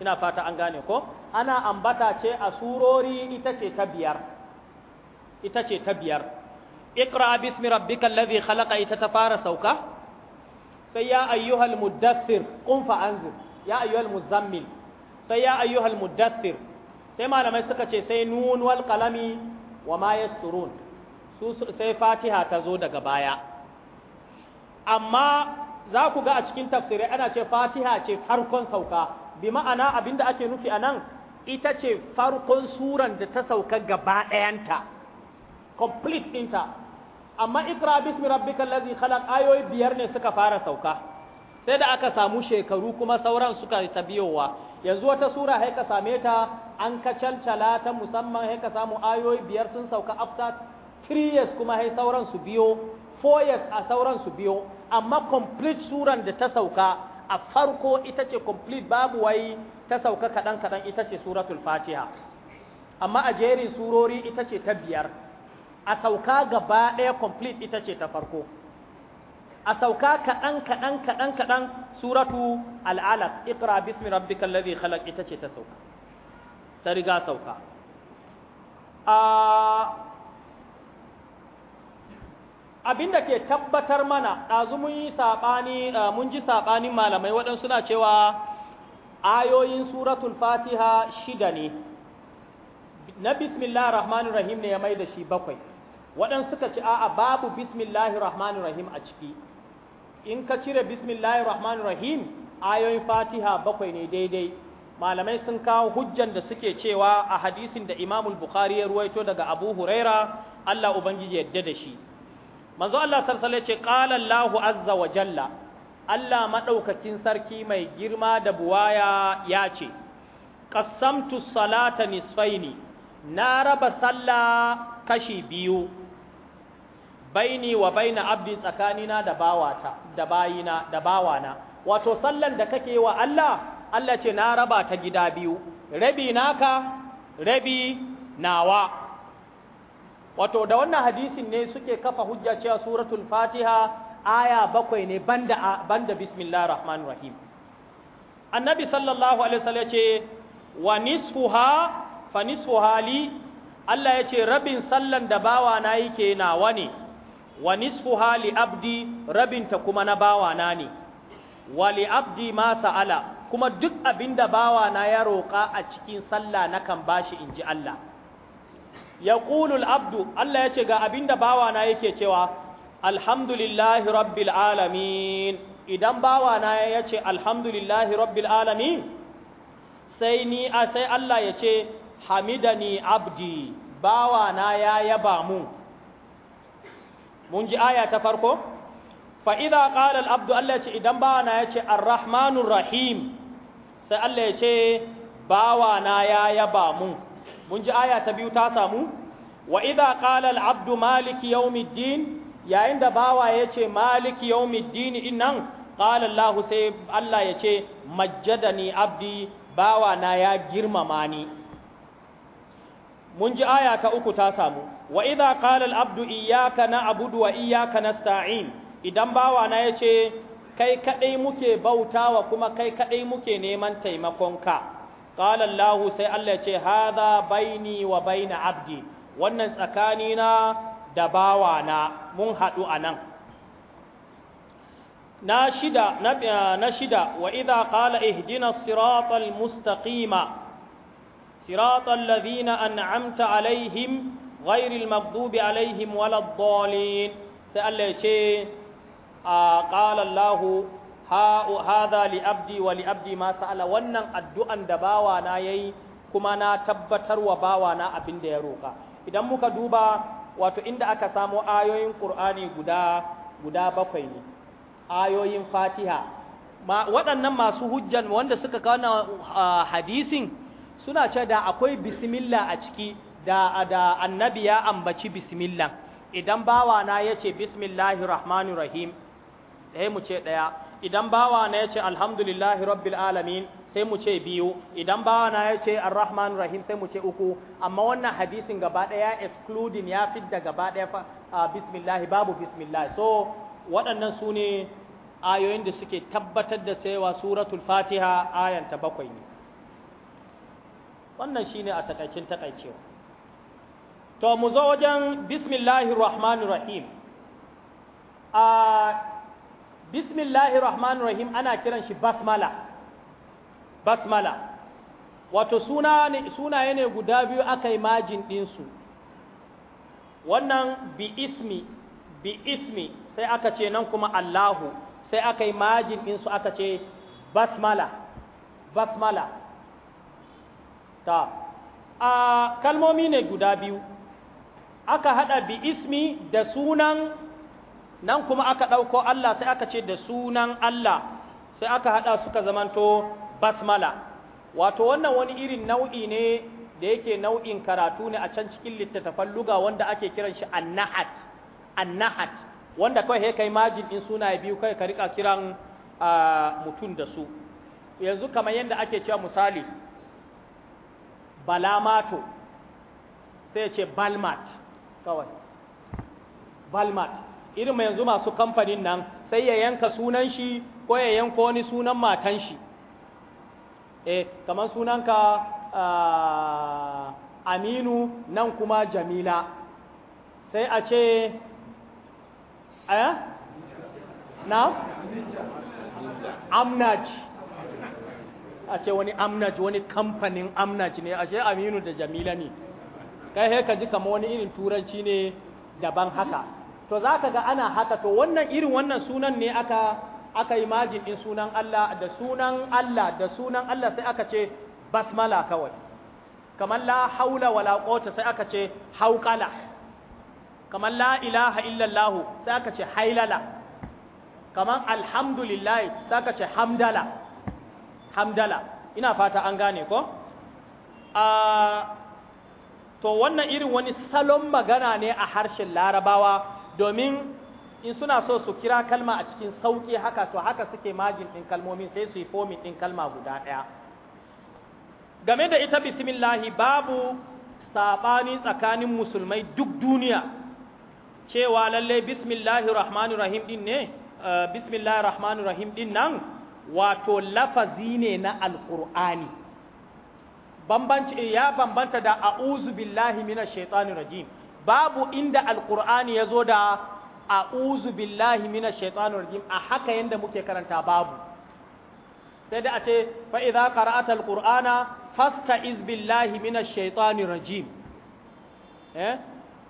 ina fata an gane ko ana ambata ce a surori ita ce ta biyar ita ce ta biyar iqra bismi rabbikal ladhi khalaqa ita ta fara sauka sai ya ayyuhal muddathir qum fa anzir ya ayyuhal muzammil sai ya ayyuhal muddathir sai malamai suka ce sai nun wal qalami wa ma yasturun su sai fatiha ta zo daga baya amma za ku ga a cikin tafsirai ana ce fatiha ce farkon sauka bi ma'ana abinda ake nufi a nan ita ce farkon suran da ta sauka gaba ɗayanta complete ɗinta amma ikra bismi rabbikal ladzi khalaq ayoyi biyar ne suka fara sauka sai da aka samu shekaru kuma sauran suka ta biyowa yanzu wata sura sai ka same ta an ka calcala ta musamman sai ka samu ayoyi biyar sun sauka after 3 years kuma sai sauran su biyo 4 years a sauran su biyo amma complete suran da ta sauka a farko ita ce complete babu wai ta sauka kaɗan kaɗan ita ce suratul fatiha amma a jerin surori ita ce ta biyar a sauka gaba ɗaya complete ita ce ta farko a sauka kaɗan kaɗan kaɗan kaɗan suratu al'alaf ikra bismi rabbi kallabi khalaq ita ce ta sauka ta riga sauka abin abinda ke tabbatar mana ɗazu mun yi saɓani eh, mun ji saɓanin malamai waɗansu na cewa ayoyin suratul fatiha shida ne na bismillah rahmanir rahim ne ya mai da shi bakwai waɗansu suka ci a'a babu bismillahi rahmanir rahim a ciki in ka cire bismillahi rahmanir rahim ayoyin fatiha bakwai ne daidai malamai sun kawo hujjan da suke cewa a hadisin da imamul bukhari ya ruwaito daga abu huraira allah ubangiji yadda da shi manzo allah sarsale ce qala allah azza wa jalla allah madaukakin sarki mai girma da buwaya ya ce qassamtu salata nisfaini na raba sallah kashi biyu baini wa baina abdi tsakanina da bawata da bayina da bawana wato sallan da kake wa Allah Allah ce na raba ta gida biyu rabi naka rabi nawa wato da wannan hadisin ne suke kafa hujja cewa suratul fatiha aya bakwai ne banda banda bismillahir rahmanir rahim annabi sallallahu alaihi wasallam ce wa nisfuha fa nisfuha li Allah ya ce rabin sallan da bawa na nawa ne wa nisfu hali abdi rabinta kuma na bawana ne Wali abdi ma sa'ala kuma duk abinda bawana ya roƙa a cikin sallah nakan bashi ji Allah ya al abdu Allah ya ce, ga abinda bawana yake cewa alhamdulillahi rabbil alamin idan bawana yace alhamdulillahi rabbil alamin sai ni a sai Allah yace ni, abdi bawana ya yaba mu mun ji aya ta farko fa idza qala al-abdu Allah ya ce idan bawana ya ce ar-rahmanur rahim sai Allah ya ce bawana ya yaba mun mun ji aya ta biyu ta samu wa idza qala al-abdu maliki yawmiddin yayin da bawa ya ce maliki yawmiddin innan qala Allah sai Allah ya ce majjadani abdi bawana ya girmama ni mun ji aya ta uku ta samu wa idha qala al-abdu iyyaka na'budu wa iyyaka nasta'in idan bawa na yace kai kadai muke bautawa kuma kai kadai muke neman taimakonka qala Allah sai Allah yace hadha baini wa baina abdi wannan tsakanina da bawa na mun hadu anan na shida eh, na shida wa idha qala ihdina siratal mustaqima siratal ladhina an'amta alaihim ghairil Makdubi alaihim waladdallin sai Allah ya ce a qala Allah hadha abdi wa abdi ma wannan addu'an da bawa na yayi kuma na tabbatar wa bawa na abin da ya roka idan muka duba wato inda aka samo ayoyin Qur'ani guda bakwai ne ayoyin Fatiha waɗannan masu hujjan wanda suka kawo hadisin suna ce da akwai bismillah a ciki da da annabi ya ambaci bismillah idan bawa na yace bismillahir rahmanir rahim sai mu ce daya idan bawa na yace alhamdulillahi rabbil alamin sai mu ce biyu idan bawa na yace arrahmanir rahim sai mu ce uku amma wannan hadisin gaba daya excluding ya fidda gaba daya bismillah babu bismillah so waɗannan su ne ayoyin da suke tabbatar da cewa suratul fatiha ayanta bakwai ne wannan shine a takaicin takaicewa to mu zo wajen bismillahir rahmanir rahim a bismillahir rahmanir rahim ana kiran shi basmala basmala wato suna ne sunaye ne guda biyu aka yi majin ɗinsu wannan bi ismi bi ismi sai aka ce nan kuma allahu sai aka yi majin ɗinsu aka ce basmala basmala ta a kalmomi ne guda biyu aka haɗa bi ismi da sunan nan kuma aka ɗauko Allah sai aka ce da sunan Allah sai aka haɗa suka zamanto basmala wato wannan wani irin nau'i ne da yake nau'in karatu ne a can cikin littattafan luga wanda ake kiran shi annahat annahat wanda kawai kai majin in suna biyu kai ka rika kiran mutum da su yanzu kamar yadda ake cewa misali balamato sai ce balmat kawai valmat irin mai yanzu masu kamfanin nan sai ya yanka sunan shi ko ya yanka wani sunan matan shi eh kamar sunanka aminu nan kuma jamila sai a ce aya, eh? na amnaj a ce wani amnaj wani kamfanin amnaj ne a ce aminu da jamila ne kai he ka ji kamar wani irin turanci ne daban haka to za ka ga ana haka to wannan irin wannan sunan ne aka aka yi majin sunan Allah da sunan Allah da sunan Allah sai aka ce basmala kawai kamar la haula wala quwwata sai aka ce hauqala kamar la ilaha illallah sai aka ce hailala kamar alhamdulillah sai aka ce hamdala hamdala ina fata an gane ko ah, to wannan irin wani salon magana ne a harshen larabawa domin in suna so su kira kalma a cikin sauƙi haka to haka suke majin ɗin kalmomin sai su yi fomin ɗin kalma guda ɗaya game da ita bismillahi babu saɓani tsakanin musulmai duk duniya cewa lalle bismillahi rahmanu rahim ɗin ne eh, bismillahi rahmanu rahim ɗin nan wato lafazi ne na alƙur'ani bambanci eh, ya bambanta da auzu billahi minash shaitanir rajim babu inda alqur'ani yazo da auzu billahi minash shaitanir rajim a haka yanda muke karanta babu sai da a ce fa idza qara'ata alqur'ana fasta'iz billahi minash shaitanir rajim eh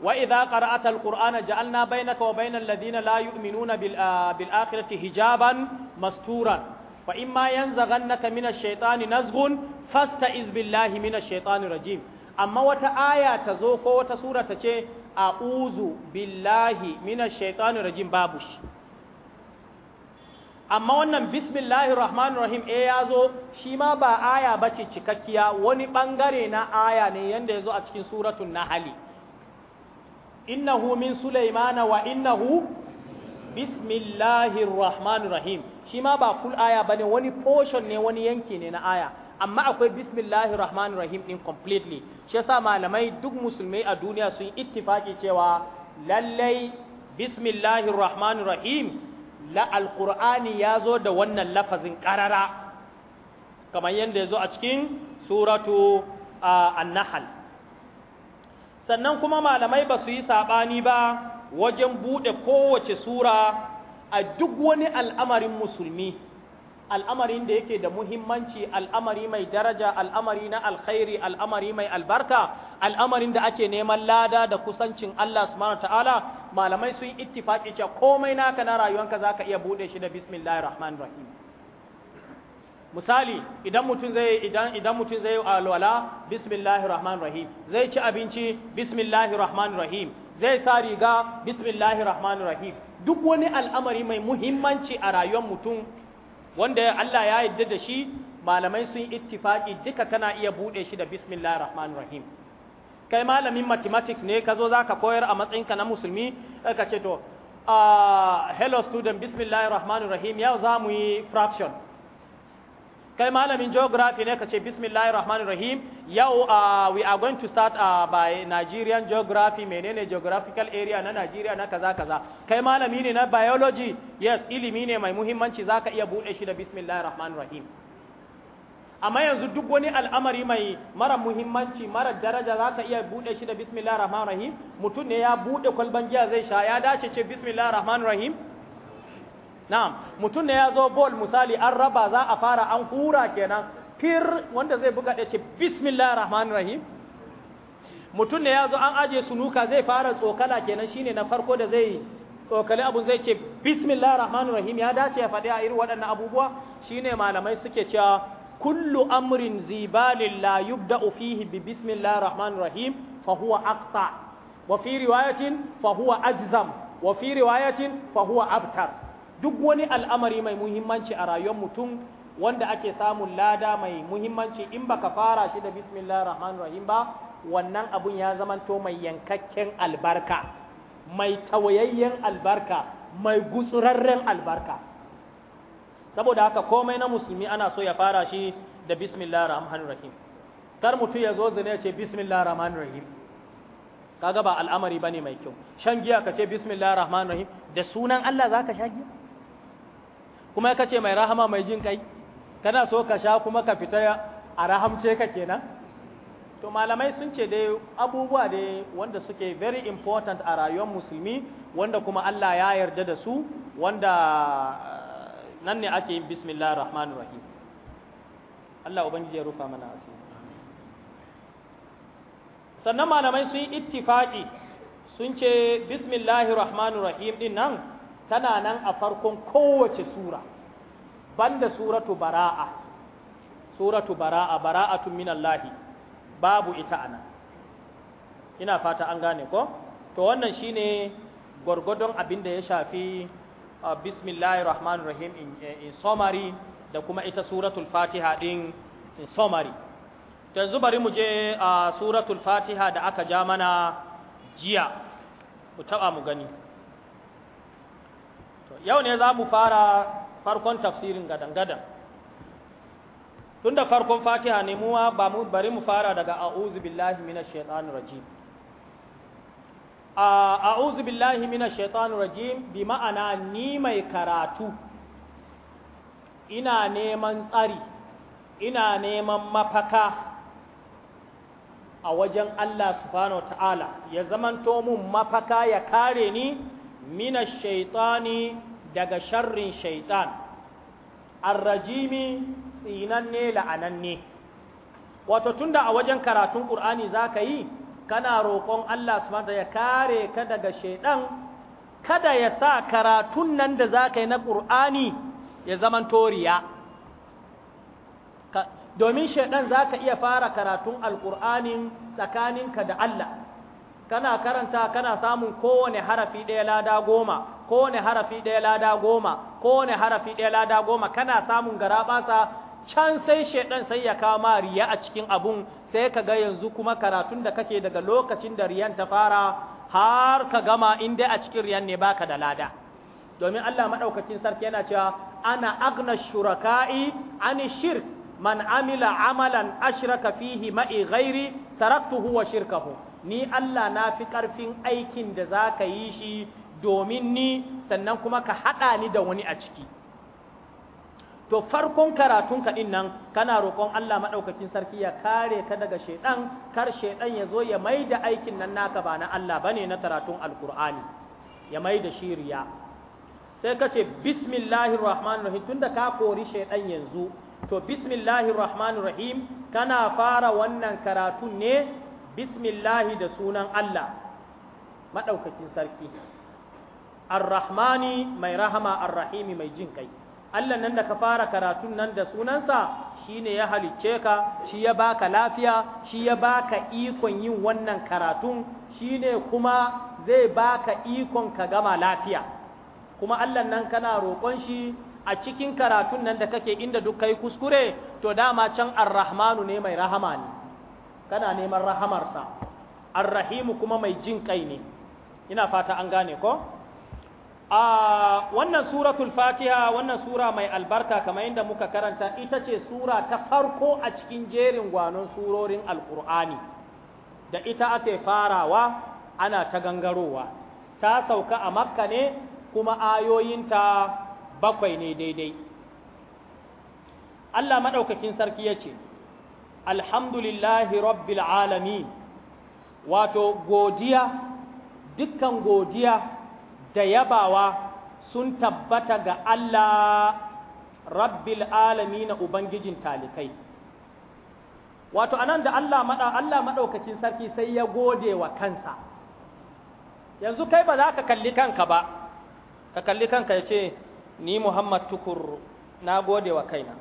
wa idza qara'ata alqur'ana ja'alna bainaka wa bainal ladina la yu'minuna ah, bil akhirati hijaban masturan fa in ma yanzaghannaka minash shaitani nazghun fasta'iz billahi minash shaitani rajim amma wata aya ta zo ko wata sura ta ce uzu, billahi minash shaitani rajim babu shi amma wannan bismillahir rahmanir rahim eh ya zo shi ma ba aya bace cikakkiya wani bangare na aya ne yanda ya zo a cikin suratul nahli innahu min sulaimana wa innahu bismillahir rahmanir rahim shi ma ba full aya ne wani portion ne wani yanki ne na aya amma akwai bismillahir rahmanir rahim din completely shi yasa malamai duk musulmai a duniya sun ittifaki cewa lallai bismillahir rahmanir rahim la alqur'ani yazo da wannan lafazin karara kamar yanda yazo a cikin suratu an-nahl sannan kuma malamai ba su yi sabani ba wajen bude kowace sura a duk wani al'amarin musulmi al'amarin da yake da muhimmanci al'amari mai daraja al'amari na alkhairi al'amari mai albarka al'amarin da ake neman lada da kusancin Allah subhanahu ta'ala malamai sun ittifaki cewa komai naka na rayuwanka zaka iya bude shi da bismillahir rahmanir rahim misali idan mutum zai idan idan mutum zai alwala bismillahir rahmanir rahim zai ci abinci bismillahir rahmanir rahim zai sa riga bismillahir rahmanir rahim duk wani al'amari mai muhimmanci a rayuwar mutum wanda Allah ya yarda da shi malamai sun ittifaki duka kana iya bude shi da bismillahir rahmanir rahim kai malamin mathematics ne ka zo koyar a matsayinka na musulmi kace to to ah, hello student bismillahir rahmanir rahim yau za mu yi fraction kai malamin geography ne ka ce bismillahir rahmanir rahim yau uh, we are going to start uh, by Nigerian geography menene geographical area na Nigeria na kaza kaza kai malami ne na biology yes ilimi ne mai muhimmanci zaka iya bude shi da bismillahir rahmanir rahim amma yanzu duk wani al'amari mai mara muhimmanci mara daraja za ka iya buɗe shi da bismillah rahman rahim mutum ne ya buɗe kwalban giya zai sha ya dace ce bismillah rahman rahim na'am mutum ne ya zo ball misali an raba za a fara an hura kenan fir wanda zai buga ya ce bismillahir rahman rahim mutum ne ya zo an aje sunuka zai fara tsokala kenan shine na farko da zai tsokali abun zai ce bismillahir rahman rahim ya dace ya faɗi a irin waɗannan abubuwa shine malamai suke cewa kullu amrin zibalin la yubda'u fihi bi bismillahir rahman rahim fa huwa aqta wa fi riwayatin fa huwa ajzam wa fi riwayatin fa huwa abtar duk wani al'amari mai muhimmanci a rayuwar mutum wanda ake samun lada mai muhimmanci in baka fara shi da bismillahir rahmanir rahim ba wannan abun ya zamanto mai yankakken albarka mai tawayayyen albarka mai gutsurarren albarka saboda haka komai na musulmi ana so ya fara shi da bismillahir rahmanir rahim kar mutum ya zo zane ce bismillahir rahmanir rahim kaga ba al'amari bane mai kyau shan giya ka ce bismillahir rahmanir rahim da sunan Allah zaka sha giya kuma ka ce mai rahama mai jin kai kana so ka sha kuma ka fita a rahamce ka kenan to malamai sun ce dai abubuwa dai wanda suke very important a rayuwar musulmi wanda kuma Allah ya yarda da su wanda eh, nan ne ake yin bismillahir rahmanir rahim Allah ubangiji ya rufa mana asiri sannan malamai sun yi ittifaqi sun ce bismillahir rahmanir rahim din nan tana nan a farkon kowace sura banda suratu bara'a suratu bara'a bara'atun minallahi babu ita ana ina fata an gane ko to wannan shine gwargwadon abin da ya shafi bismillahir rahmanir rahim eh, in summary da kuma ita suratul fatiha din in summary yanzu bari mu je a suratul fatiha da aka ja mana jiya mu taba mu gani yau ne za mu fara farkon tafsirin gadan-gadan tun farkon fatiha ne muwa ba mu bari mu fara daga a'udhu billahi minash shaitanir rajim a'udhu billahi minash shaitanir rajim bi ma'ana ni mai karatu ina neman tsari ina neman mafaka a wajen Allah subhanahu wa ta'ala ya zamanto mun mafaka ya kare ni mina shaitani daga sharrin shaitan arrajimi tsinanne la'ananne wato tunda a wajen karatun ƙur'ani za ka yi kana roƙon Allah subhanahu ya kare ka daga shaitan kada ya sa karatun nan da za ka yi na ƙur'ani ya zaman toriya domin shaitan za ka iya fara karatun alƙur'anin tsakaninka da Allah kana karanta kana samun kowane harafi ɗaya lada goma kowane harafi ɗaya lada goma kowane harafi ɗaya lada goma kana samun garaɓasa can sai shaidan sai ya kawo ma riya a cikin abun sai ka ga yanzu kuma karatun da kake daga lokacin da riyan ta fara har ka gama in dai a cikin riyan ne baka da lada domin Allah madaukakin sarki yana cewa ana agna shuraka'i ani shirk man amila amalan ashraka fihi ma'i ghairi taraktuhu wa shirkahu ni Allah na fi ƙarfin aikin da za ka yi shi domin ni sannan kuma ka haɗa ni da wani a ciki to farkon karatun ka nan kana roƙon Allah maɗaukakin sarki ya kare ka daga shaiɗan kar shaiɗan ya zo ya mai da aikin nan naka ba na Allah ba ne na karatun alkur'ani ya mai da shiriya. sai ka ce bismillahirrahmanirrahim, tunda ka kori shaiɗan yanzu to bismillahirrahmanirrahim, kana fara wannan karatun ne bismillahi da sunan Allah maɗaukakin sarki arrahmani mai rahama arrahimi mai jin kai Allah nan da ka fara karatun nan da sunansa shine ya halicce ka shi ya baka lafiya shi ya baka ikon yin wannan karatun shi ne kuma zai baka ikon ka gama lafiya kuma Allah nan kana roƙon shi a cikin karatun nan da kake inda duk kai kuskure to dama can arrahmanu ne mai rahama ne kana neman rahamarsa arrahimu kuma mai jin kai ne ina fata an gane ko a wannan suratul fatiha wannan sura mai albarka kamar yadda muka karanta ita ce sura ta farko a cikin jerin gwanon surorin alkur'ani da ita ake farawa ana ta gangarowa ta sauka a makka ne kuma ayoyinta bakwai ne daidai Allah maɗaukakin sarki ya ce alhamdulillahi rabbil alami wato godiya dukkan godiya da yabawa sun tabbata ga Allah rabbil na ubangijin talikai wato nan da Allah maɗaukacin sarki sai ya gode wa kansa yanzu kai ba za ka kalli kanka ba ka kalli kanka ya ce ni Muhammad tukur na gode wa kaina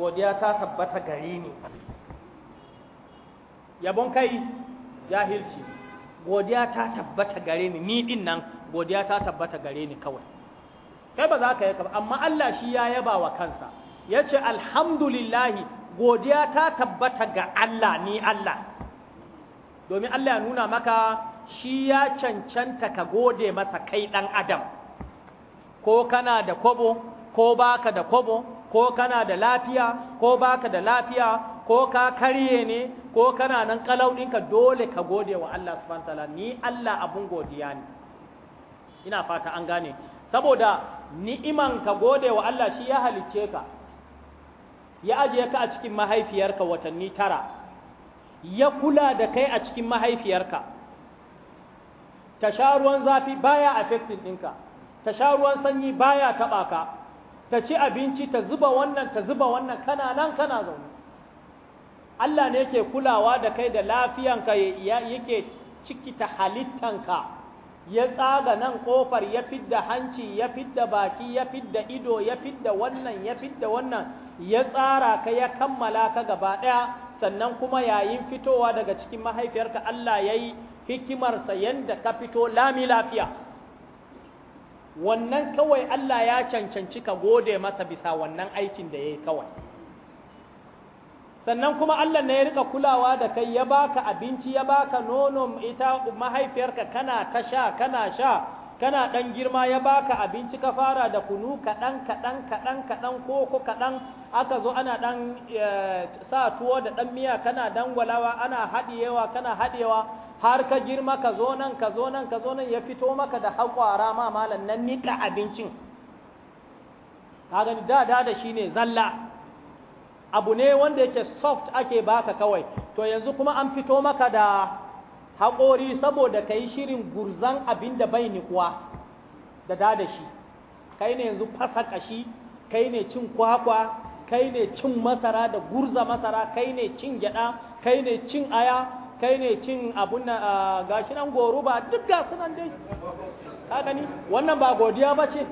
godiya ta tabbata gari ni yabon kai jahilci godiya ta tabbata gare ni ni din nan godiya ta tabbata gare ni kawai kai ba za ka yi ka amma Allah shi ya yaba wa kansa ya ce alhamdulillahi godiya ta tabbata ga Allah ni Allah domin Allah ya nuna maka shi ya cancanta ka gode masa kai ɗan adam ko kana da kobo ko baka da kobo ko kana da lafiya ko baka da lafiya ko ka karye ne ko kana nan kalau ɗinka dole ka gode wa Allah subhanahu ni Allah abun godiya ne ina fata an gane saboda ni'iman ka gode wa Allah shi ya halicce ka ya ajiye ka a cikin mahaifiyarka watanni tara ya kula da kai a cikin mahaifiyarka ta sha ruwan zafi baya affecting ɗinka ta sha ruwan sanyi baya taɓa ka ta ci abinci ta zuba wannan ta zuba wannan kana nan kana zaune Allah ne yake kulawa da kai da lafiyanka yake cikita halittanka ya tsaga nan kofar ya fidda hanci ya fidda baki ya fidda ido ya fidda wannan ya fidda wannan ya tsara ka ya kammala ka gaba ɗaya sannan kuma yayin fitowa daga cikin mahaifiyarka Allah ya yi hikimarsa yadda ka fito lami lafiya wannan kawai Allah ya cancanci ka gode masa bisa wannan aikin da ya yi kawai sannan kuma Allah ne ya rika kulawa da kai ya baka abinci ya baka nono ita mahaifiyarka kana kasha kana sha kana dan girma ya baka abinci ka fara da kunu kadan kadan kadan ko koko kadan aka zo ana dan eh, sa tuwo da dan miya kana dangwalawa ana hadiyewa kana hadiyewa har ka girma ka zo nan ka zo nan ka zo nan ya fito maka da haƙwara ma malam nan nika abincin ka gani da da da shine zalla abu ne wanda yake soft ake baka kawai to yanzu kuma an fito maka da haƙori saboda ka yi shirin gurzan abin da bai nikuwa da da shi kai ne yanzu fasa ƙashi kai ne cin kwakwa kai ne cin masara da gurza masara kai ne cin gyaɗa kai ne cin aya kai ne cin abun ah, gashi nan goruba duk ga sunan dai ka gani wannan ba godiya ba ce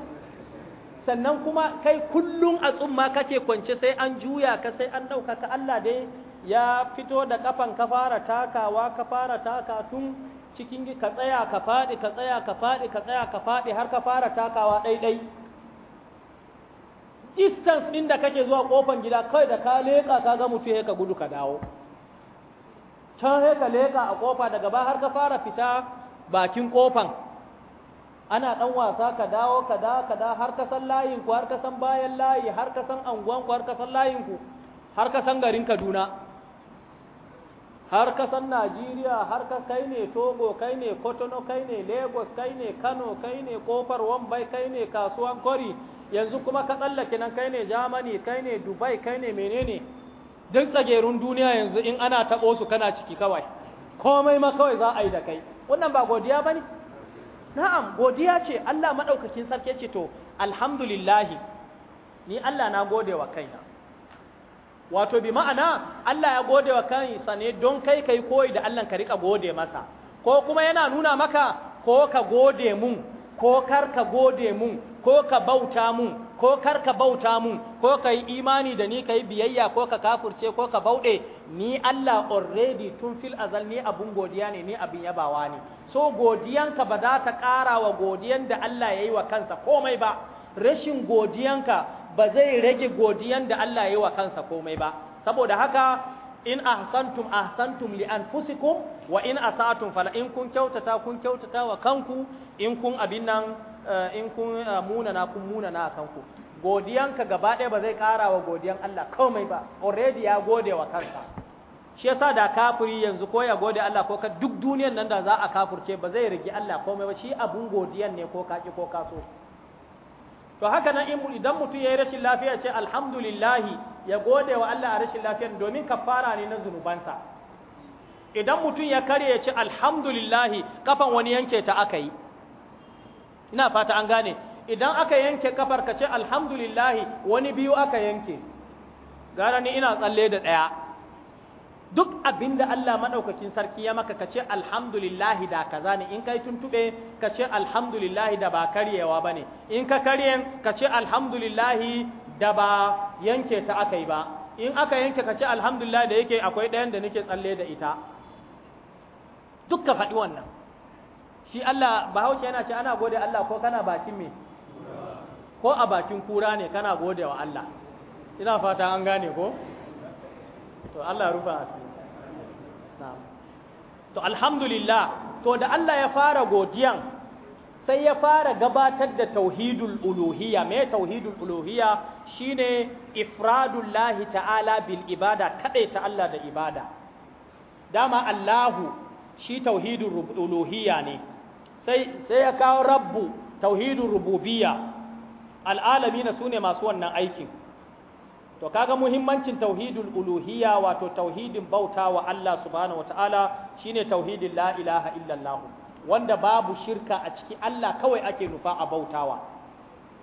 sannan kuma kai kullum a tsumma kake kwance sai an juya ka sai an ɗauka ka Allah dai ya fito da kafan ka fara takawa ka fara taka tun cikin ka tsaya ka faɗi ka tsaya ka faɗi ka tsaya ka faɗi har ka fara takawa ɗaiɗai distance ɗin da kake zuwa ƙofan gida kai da ka leƙa ka ga mutu ka gudu ka dawo can sai ka leƙa a ƙofa daga ba har ka fara fita bakin ƙofan ana ɗan wasa ka dawo ka da ka da har ka san layin ku har ka san bayan layi har ka san anguwan ku har ka san layin ku har ka san garin Kaduna har ka san Najeriya har ka kai ne Togo kai ne Kotono kai ne Lagos kai ne Kano kai ne Kofar Wambai kai ne kasuwan Kori yanzu kuma ka tsallake nan kai ne Germany kai ne Dubai kai ne menene duk tsagerun duniya yanzu in ana taɓo su kana ciki kawai komai ma kawai za a yi da kai wannan ba godiya bane na'am godiya ce Allah maɗaukakin sarki ce to alhamdulillahi ni Allah na gode wa kaina wato bi ma'ana Allah ya gode wa kansa ne don kai kai koyi da Allah ka riƙa gode masa ko kuma yana nuna maka ko ka gode mun ko kar ka gode mun ko ka bauta mun ko kar ka bauta mun ko ka yi imani da ni ka yi biyayya ko ka kafurce ko ka bauɗe ni Allah already tun fil azal ni abun godiya ne ni abin yabawa ne so godiyanka ba za ta ƙara wa godiyan da Allah ya yi wa kansa komai ba rashin godiyanka ba zai rage godiyan da Allah ya yi wa kansa komai ba saboda haka in ahsantum ahsantum li anfusikum wa in asatum fala in kun kyautata kun kyautata wa kanku in kun abin nan eh, in kun eh, munana kun munana kanku godiyanka gaba ɗaya ba zai ƙara wa godiyan Allah komai ba already ya gode wa kansa shi yasa da kafiri yanzu ko ya gode Allah ko ka duk duniyar nan da za a kafurce ba zai rigi Allah komai ba shi abun godiyan ne ko ka ki ko ka so to haka nan idan mutum ya yi rashin lafiya ce alhamdulillah ya gode wa Allah a rashin lafiyar domin kafara ne na zunubansa idan mutum ya kare ya ce alhamdulillah kafan wani yanke ta aka yi ina fata an gane idan aka yanke kafar ka ce alhamdulillah wani biyu aka yanke gara ni ina tsalle da ɗaya duk abinda Allah madaukakin sarki ya maka kace alhamdulillah da kaza ne in kai tuntube kace alhamdulillah da ba karyewa bane in ka karyen kace alhamdulillah da ba yanke ta akai ba in aka yanke kace alhamdulillah da yake akwai ɗayan da nake tsalle da ita duk ka faɗi wannan shi Allah bahaushe yana ce ana gode Allah ko kana bakin me ko a bakin kura ne kana gode wa Allah ina fata an gane ko to Allah rufa asiri to alhamdulillah to da Allah ya fara godiyan sai ya fara gabatar da tauhidul uluhiyya mai tauhidul uluhiyya shine ifradullahi ta'ala bil ibada kadai ta Allah da ibada dama Allahu shi tauhidul uluhiyya ne sai sai ya kawo rabbu tauhidul rububiyya al'alamin sune masu wannan aikin to kaga muhimmancin tauhidul uluhiyya wato tauhidin bauta wa Allah subhanahu wataala shine tauhidin la ilaha illallah wanda babu shirka a ciki Allah kawai ake nufa a bautawa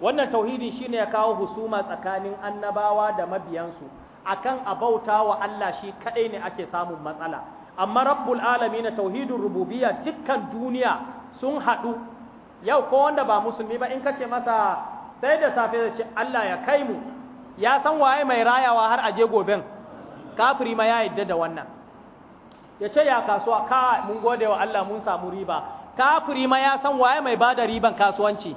wannan tauhidin shine ya kawo husuma tsakanin annabawa da mabiyansu akan a bauta wa Allah shi kadai ne ake samun matsala amma rabbul alamin tauhidur rububiyya dukkan duniya sun haɗu yau ko wanda ba musulmi ba in kace masa sai da safe da ce Allah ya kai mu ya san waye mai rayawa har aje goben kafiri ma ya yadda da wannan ya ce ya kasuwa ka mun gode wa Allah mun samu riba kafiri ma ya san waye mai bada riban kasuwanci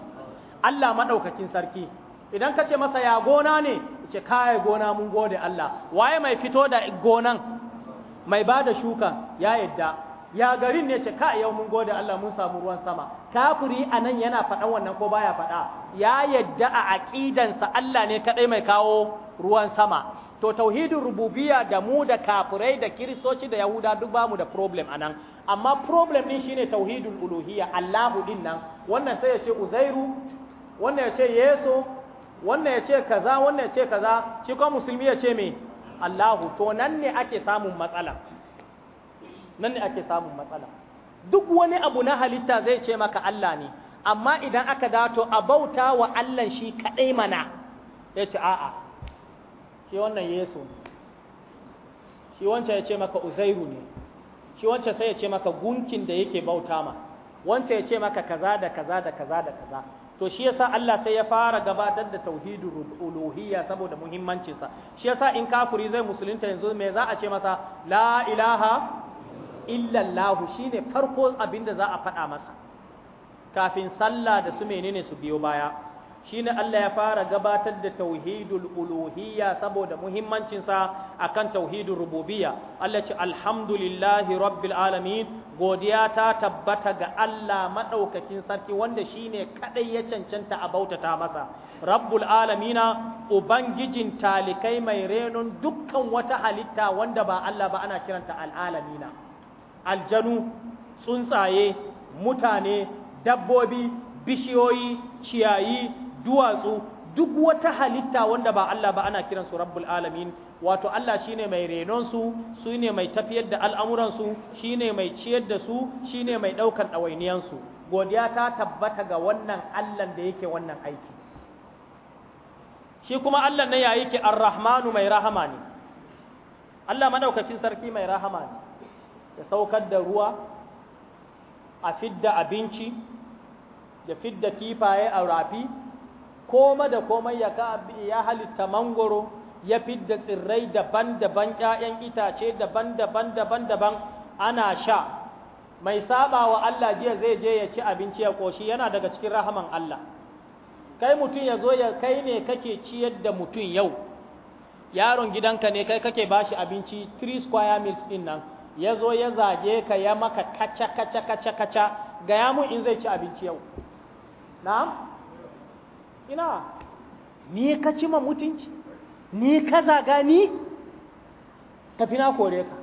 Allah madaukakin sarki idan ka ce masa ya gona ne ce kai gona mun gode Allah waye mai fito da gonan mai bada shuka. ya yadda ya garin ne ce ka yau mun gode Allah mun samu ruwan sama kafiri anan yana faɗan wannan ko baya faɗa ya yadda a aqidansa Allah ne kadai mai kawo ruwan sama to tauhidin rububiyya da mu da kafirai da kiristoci da yahuda duk bamu da problem anan amma problem din shine tauhidul uluhiyya Allahu din nan wannan sai ya ce Uzairu wannan ya ce Yesu wannan ya ce kaza wannan ya ce kaza shi ko musulmi ya ce me Allahu to nan ne ake samun matsala nan ne ake samun matsala duk wani abu na halitta zai ce maka Allah ne amma idan aka dato a bauta wa Allah shi kaɗai mana ya ce a'a shi wannan Yesu ne shi wancan ya ce maka Uzairu ne shi wancan sai ya ce maka gunkin da yake bauta ma wancan ya ce maka kaza da kaza da kaza da kaza to shi yasa Allah sai ya fara gabatar da Tauhidu uluhiyya saboda muhimmancinsa shi yasa in kafuri zai musulunta yanzu me za a ce masa la ilaha illallahu shine farko abinda za a faɗa masa kafin sallah da su menene su biyo baya shine Allah ya fara gabatar da tauhidul uluhiyya saboda muhimmancinsa sa akan tauhidul rububiyya Allah ce alhamdulillahi rabbil alamin godiya ta tabbata ga Allah madaukakin sarki wanda shine kadai ya cancanta a bautata masa rabbul alamina ubangijin talikai mai renon dukkan wata halitta wanda ba Allah ba ana kiranta al aljanu tsuntsaye mutane dabbobi bishiyoyi ciyayi duwatsu duk wata halitta wanda ba Allah ba ana kiran su rabbul alamin wato Allah shine mai renonsu, su shine mai tafiyar da al'amuransu, su shine mai ciyar da su shine mai daukar ɗawainiyansu. su godiya ta tabbata ga wannan Allah da yake wannan aiki shi kuma Allah ne ya yake arrahmanu mai rahama ne Allah madaukakin sarki mai rahama ne ya saukar da ruwa a fidda abinci ya fidda kifaye a rafi koma da komai ya halitta mangoro ya fidda tsirrai daban-daban ƴaƴan itace daban-daban daban-daban ana sha mai saba wa Allah jiya zai je ya ci abinci ya koshi yana daga cikin rahaman Allah kai mutum ya zo ya kai ne kake ciyar da mutum yau yaron gidanka ne kai kake bashi abinci three square meals din nan ya zo ya zage ka ya maka kaca kaca kaca kaca gaya mu in zai ci abinci yau na'am ina ni ka ci ma mutunci ni ka zaga ni tafi na kore ka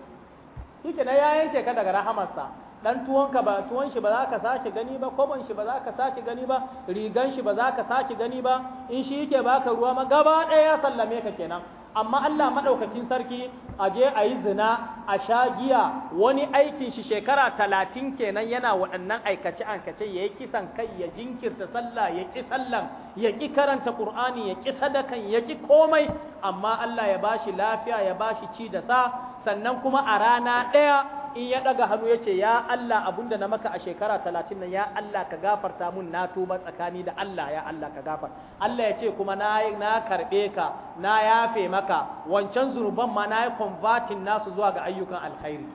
shike na ya yanke ka daga rahamarsa dan tuwonka ba tuwon shi ba za ka sake gani ba koban shi ba za ka sake gani ba rigan shi ba za ka sake gani ba in shi yake baka ruwa ma gaba ɗaya ya sallame ka kenan amma Allah maɗaukakin sarki a je a yi zina a sha giya wani aikin shi shekara talatin kenan yana waɗannan aikace aikace ya yi kisan kai ya jinkirta sallah ya ƙi sallan ya ƙi karanta ƙur'ani ya ƙi sadakan ya ƙi komai amma Allah ya bashi lafiya ya bashi ci da sa sannan kuma a rana ɗaya in ya daga hannu ya ce ya Allah abunda na maka a shekara talatin nan ya Allah ka gafarta mun na tuba tsakani da Allah ya Allah ka gafar Allah ya ce kuma na na karbe ka na yafe maka wancan zunuban ma na yi convertin nasu zuwa ga ayyukan alkhairi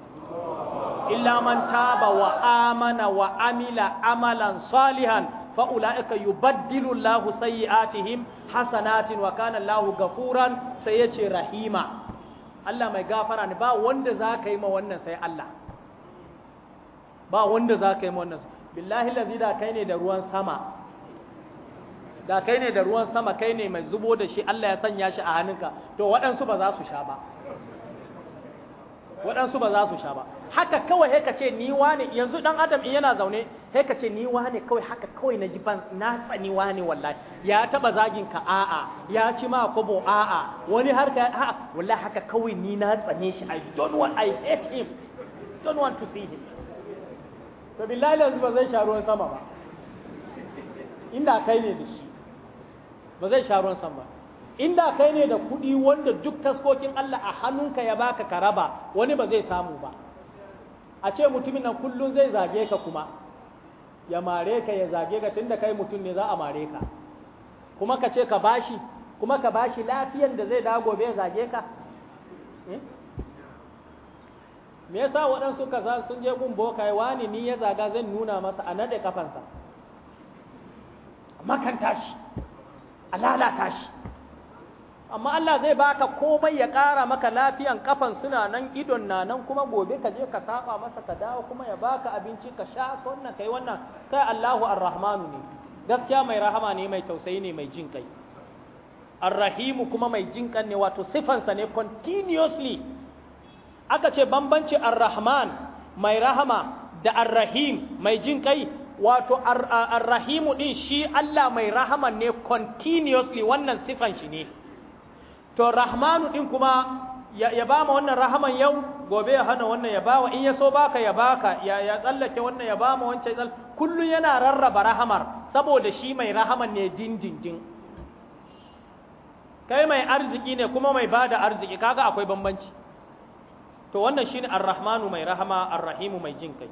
illa man taba wa amana wa amila amalan salihan fa ulaika yubaddilu Allahu sayyi'atihim hasanatin wa kana Allahu ghafuran sai ya rahima Allah mai gafara ne ba wanda za ka yi ma wannan sai Allah ba wanda za ka yi ma wannan billahi lazi da kai ne da ruwan sama da kai ne da ruwan sama kai ne mai zubo da shi Allah ya sanya shi a hannunka to waɗansu ba za su sha ba waɗansu ba za su sha ba haka kawai ka ce ni wane yanzu ɗan adam in yana zaune sai ka ce ni wane kawai haka kawai na ji ban na tsani wane wallahi ya taba zagin ka a'a ya ci ma kobo a'a wani har ka a'a wallahi haka kawai ni na tsane shi I don't want I hate him don't want to see him to billahi yanzu ba zai sha ruwan sama ba inda kai ne da shi ba zai sha ruwan sama inda kai ne da kuɗi wanda duk taskokin Allah a hannunka ya baka karaba wani ba zai samu ba a ce mutumin nan kullum zai zage ka kuma ya mare ka ya zage ka tunda kai mutum ne za a mare ka kuma ka ce ka bashi kuma ka bashi lafiyan da zai dago bai zage ka eh? me yasa waɗansu kaza sun je gun bokai wani ni ya zaga zan nuna masa a nade kafansa makanta shi a lalata shi amma Allah zai baka komai ya ƙara maka lafiyan kafan suna nan idon na nan kuma gobe ka je ka saba masa ka dawo kuma ya baka abinci ka sha wannan kai wannan kai Allahu Ar-Rahmanu ne gaskiya mai rahama ne mai tausayi ne mai jin kai Ar-Rahimu kuma mai jin kan ne wato sifansa ne continuously aka ce bambanci Ar-Rahman mai rahama da Ar-Rahim mai jin kai wato Ar-Rahimu din shi Allah mai rahaman ne continuously wannan sifan shi ne to rahmanu din kuma ya ba mu wannan rahaman yau gobe ya hana wannan ya bawa in ya so baka ya baka ya ya tsallake wannan ya ba mu wancan tsal kullun yana rarraba rahamar saboda shi mai rahaman ne dindindin kai mai arziki ne kuma mai bada arziki kaga akwai bambanci to wannan shine rahmanu mai rahama Al-Rahimu mai jin kai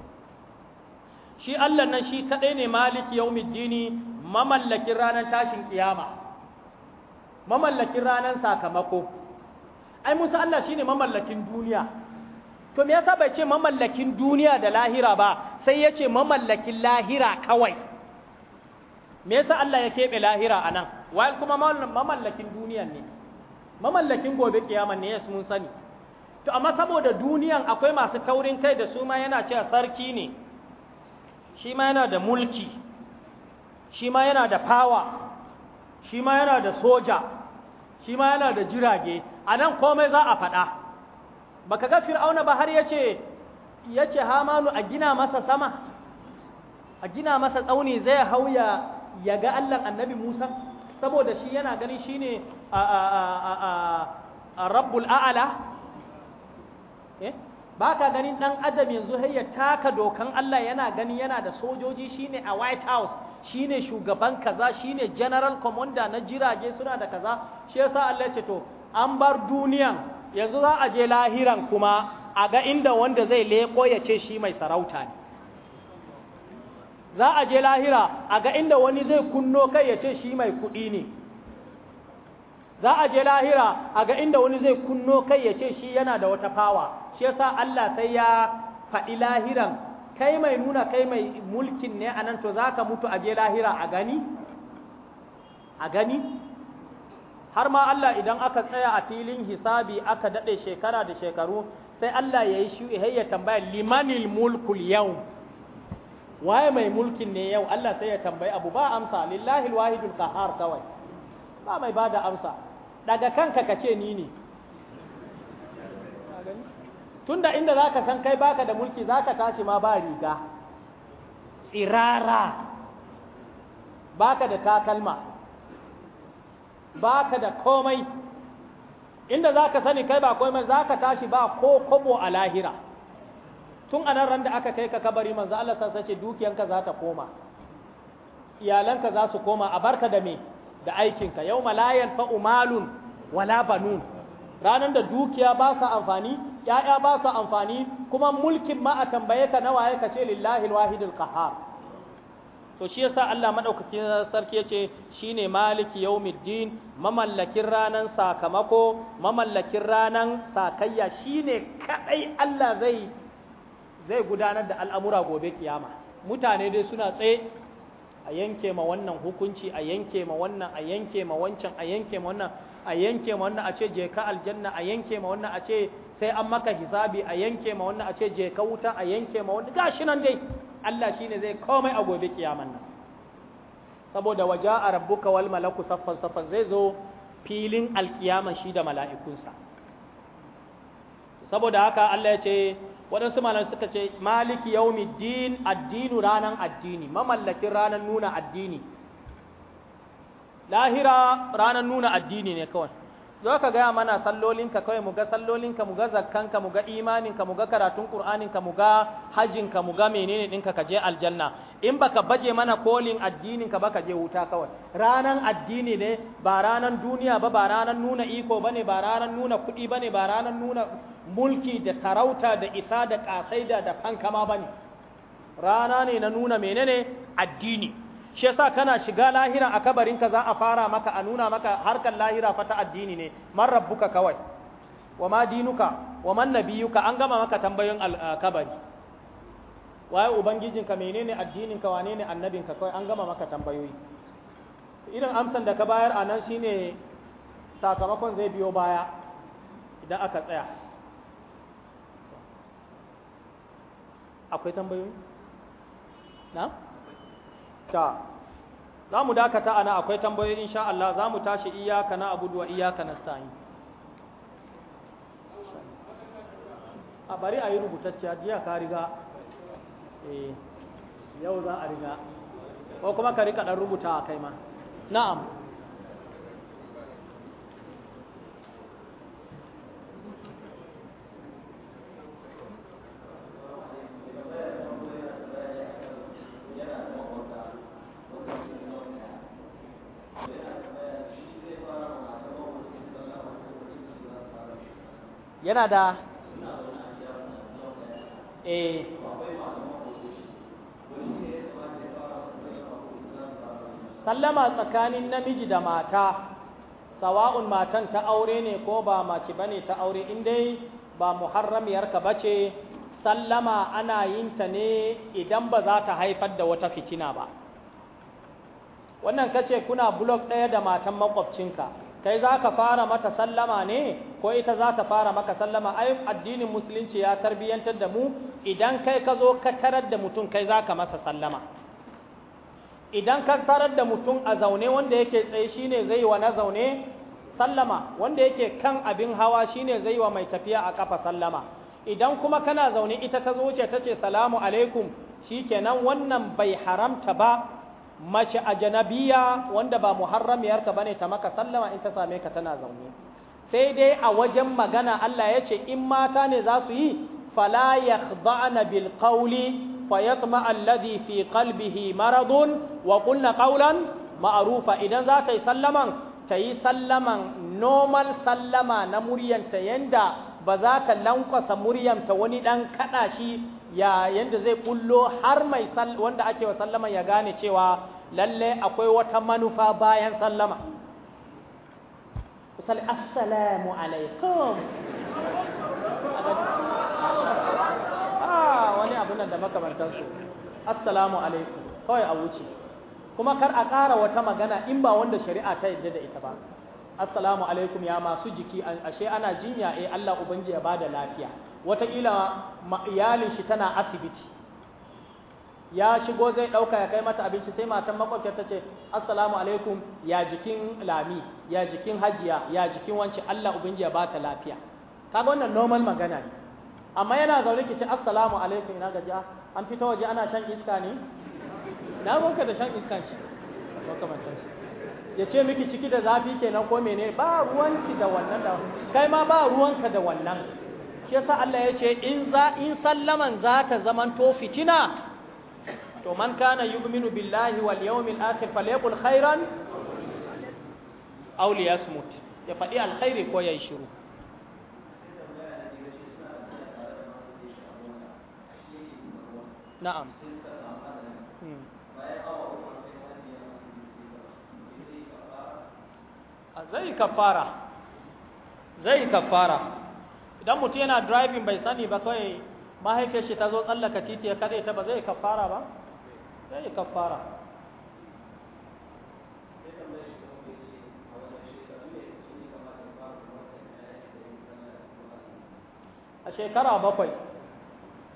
shi Allah nan shi kadai ne maliki yaumiddini mamallakin ranar tashin kiyama mamallakin ranar sakamako ai musa Allah shine mamallakin duniya to me yasa bai ce mamallakin duniya da lahira ba sai ya ce mamallakin lahira kawai me yasa Allah ya keɓe lahira a nan wayar kuma mamallakin duniya ne mamallakin gobe kiyama ne yes mun sani to amma saboda duniyan akwai masu taurin kai da su ma yana cewa sarki ne shi ma yana da mulki shi ma yana da fawa shi ma yana da soja shi ma yana da jirage a nan komai za a faɗa baka ga fir'auna ba har yace yace hamanu a gina masa sama a gina masa tsauni zai hauya ya ga Allah annabi Musa saboda shi yana ganin shine a a a a rabbul a'la eh? ba ka ganin ɗan adam yanzu har ya taka dokan Allah yana gani yana da sojoji shine a white house shine shugaban kaza shine general commander na jirage suna da kaza shi yasa Allah ce to an bar duniyan yanzu za a je lahiran kuma a ga inda wanda zai leko ya ce shi mai sarauta ne za a je lahira a ga inda wani zai kunno kai ya ce shi mai kuɗi ne za a je lahira a ga inda wani zai kunno kai ya ce shi yana da wata fawa shi yasa Allah sai ya faɗi lahiran kai mai nuna kai mai mulkin ne a nan to za ka mutu a je lahira a gani a gani har ma Allah idan aka tsaya a filin hisabi aka daɗe shekara da shekaru sai Allah ya yi shi ya tambaya limanil mulkul yau waye mai mulkin ne yau Allah sai ya tambayi abu ba amsa lillahi alwahidul qahar kawai ba mai bada amsa daga kanka ka ce ni ne tunda inda za ka san kai baka da mulki za ka tashi ma ba riga tsirara baka da takalma baka da komai inda za ka sani kai ba komai za ka tashi ba ko kobo a lahira tun a nan ran da aka kai ka kabari manzo Allah san sace dukiyanka za ta koma iyalanka za su koma a barka da me da aikinka yau malayan fa umalun wala banun ranan da dukiya ba sa amfani ‘ya'ya ba su amfani kuma mulkin ma a tambaye ka nawa ya kace lillahi wahidul qahar to shi yasa Allah madaukakin sarki yace shine maliki yaumiddin mamallakin ranan sakamako mamallakin ranan sakayya shine kadai Allah zai zai gudanar da al'amura gobe kiyama mutane dai suna tsaye a yanke ma wannan hukunci a yanke ma wannan a yanke ma wancan a yanke ma wannan a yanke ma wannan a ce je ka aljanna a yanke ma wannan a ce sai an maka hisabi a yanke ma wannan a ce je ka wuta a yanke ma wannan gashi nan dai Allah shine zai komai a gobe kiyaman nan saboda waja a rabbuka wal malaku saffan saffan zai zo filin alkiyama shi da mala'ikunsa saboda haka Allah ya ce waɗansu malam suka ce maliki din addinu ranan addini mamallakin ranan nuna addini lahira ranan nuna addini ne kawai zo ka gaya mana sallolinka kawai mu ga sallolinka mu ga zakkanka mu ga imaninka mu ga karatun qur'aninka mu ga hajjinka mu ga menene ɗinka ka je aljanna in baka baje mana kolin addininka ba ka je wuta kawai ranan addini ne ba ranan duniya ba ba ranan nuna iko bane ba ranan nuna kuɗi bane ba ranan nuna mulki da sarauta da isa da kasaida da fankama bane rana ne na nuna menene addini shi yasa kana shiga lahira a kabarinka za a fara maka a nuna maka harkar lahira fa ta addini ne man rabbuka kawai wa ma dinuka wa man nabiyuka an gama maka tambayoyin kabari waye ubangijinka menene addininka wane ne annabinka kawai an gama maka tambayoyi irin amsan da ka bayar a nan shine sakamakon zai biyo baya idan aka tsaya akwai tambayoyi na? ta za mu dakata ana akwai tambayoyi insha Allah za mu tashi iyaka na abudu wa iyaka na sta'in a bari a yi rubutacciya jiya ka riga eh, yau za a riga ko kuma ka rika dan rubuta a kai ma na'am yana da eh sallama tsakanin namiji da mata sawa'un matan ta aure ne ko ba mace bane ta aure in dai ba muharramiyarka bace sallama ana yin ta ne idan ba za ta haifar da wata fitina ba wannan kace kuna blog ɗaya da matan makwabcinka kai za ka fara mata sallama ne ko ita za ta fara maka sallama ai addinin musulunci ya tarbiyantar da mu idan kai ka zo ka tarar da mutum kai za ka masa sallama idan ka tarar da mutum a zaune wanda yake tsaye shine zai wa na zaune sallama wanda yake kan abin hawa shine zai wa mai tafiya a kafa sallama idan kuma kana zaune ita ta zo ce ta ce salamu alaikum shi shikenan wannan bai haramta ba mace ajanabiya wanda ba muharramiyarka bane ta maka sallama in ta same ka tana zaune sai dai a wajen magana Allah ya ce in mata ne za su yi fala yakhda'na bil qawli fayatma alladhi fi qalbihi maradun wa kunna qawlan ma'arufa idan za ta yi sallaman ta yi sallaman normal sallama na muryanta yanda ba za ka lankwasa muryanta wani ɗan kaɗa shi ya yadda zai ƙullo har mai wanda ake wa sallama ya gane cewa lalle akwai wata manufa bayan sallama misali assalamu alaikum ah, wani abun nan da makamantansu assalamu alaikum kawai a wuce kuma kar a ƙara wata magana in ba wanda shari'a ta yadda da ita ba assalamu alaikum ya masu jiki ashe ana jinya eh Allah ubangi ya bada lafiya wataƙila iyalin shi tana asibiti ya shigo zai ɗauka ya kai mata abinci sai matan makwabciyar ta ce assalamu alaikum ya jikin lami ya jikin hajiya ya jikin wance Allah ubangi ya bata lafiya kaga wannan normal magana ne amma yana zaune ki ce assalamu alaikum ina gaji an fito waje ana shan iska ne na gonka da shan iska ce makamantar shi ya ce miki ciki da zafi kenan ko mene ba ruwanki da wannan da kai ma ba ruwanka da wannan shi yasa Allah ya ce in za in sallaman za ta zaman to fitina to man kana yu'minu billahi wal yawmil akhir falyaqul khairan aw liyasmut ya faɗi alkhairi ko yayi shiru na'am zai kafara zai kafara idan mutum yana driving bai sani ba kawai mahaifiyar shi ta zo tsallaka titi ya kaɗe ta ba zai kafara ba zai kafara a shekara bakwai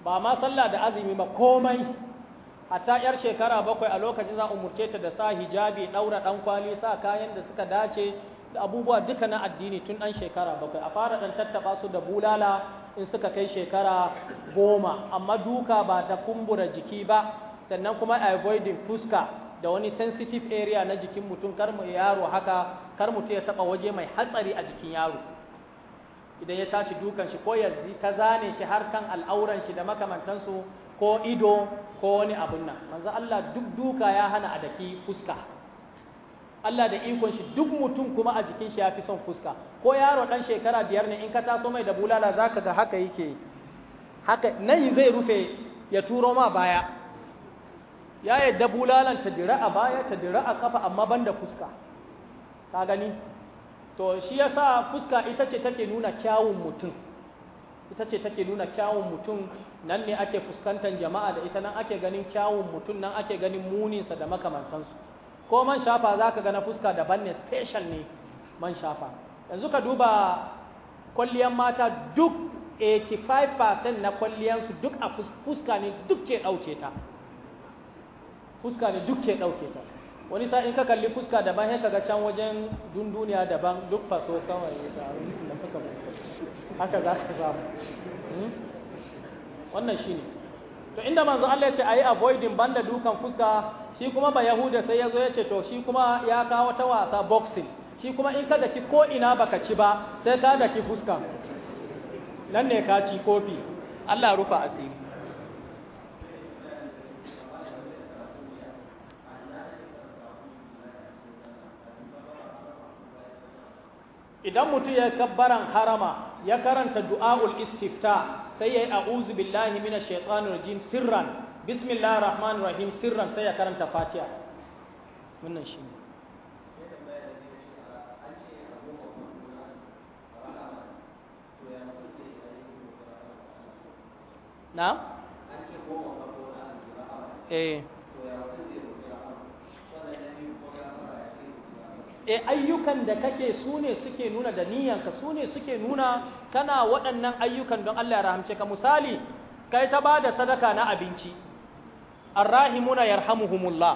ba ma sallah da azumi ba komai hatta yar shekara bakwai a lokacin za a umurce ta da sa hijabi daura ɗan kwali sa kayan da suka dace da abubuwa duka na addini tun dan shekara bakwai a fara dan tattaba su da bulala in suka kai shekara goma amma duka ba ta kumbura jiki ba sannan kuma avoiding fuska da wani sensitive area na jikin mutum kar mu yaro haka kar mu ya taba waje mai hatsari a jikin yaro idan ya tashi dukan shi ko yanzu ka zane shi har kan al'auran shi da makamantansu ko ido ko wani abun nan manzo Allah duk duka ya hana a daki fuska Allah da ikon shi duk mutum kuma a jikin shi ya fi son fuska ko yaro dan shekara biyar ne in ka taso mai da bulala zaka ga haka yake haka nan zai rufe ya turo ma baya ya yadda bulalan ta dira a baya ta dira a kafa amma banda fuska ka gani to shi yasa fuska ita ce take nuna kyawun mutum ita ce take nuna kyawun mutum nan ne ake fuskantar jama'a da ita nan ake ganin kyawun mutum nan ake ganin muninsa da makamantansu ko man shafa za ka na fuska daban ne special ne man shafa yanzu ka duba kwalliyan mata duk 85% na kwalliyansu duk a fuska ne duk ke ɗauke ta fuska ne duk ke ɗauke ta wani sa'in ka kalli fuska daban sai ka ga can wajen dunduniya daban duk faso kawai ya haka za ka samu hmm? wannan shi ne to inda manzo Allah ya ce a yi avoiding banda dukan fuska shi kuma ba yahuda sai ya ya ce to shi kuma ya kawo ta wasa boxing shi kuma in ka ki ko ina baka ci ba sai ka daki fuska nan ne ka ci kofi Allah rufa asiri idan mutum ya kabbaran harama ya karanta du'a'ul istifta sai ya yi a'udhu billahi minash shaitanir rajim sirran bismillahir rahmanir rahim sirran sai ya karanta fatiha wannan shi ne na? eh e ayyukan da kake su ne suke nuna da niyyanka su ne suke nuna kana waɗannan ayyukan don Allah ya rahamce ka misali kai ta ba da sadaka na abinci arrahimuna yarhamuhumullah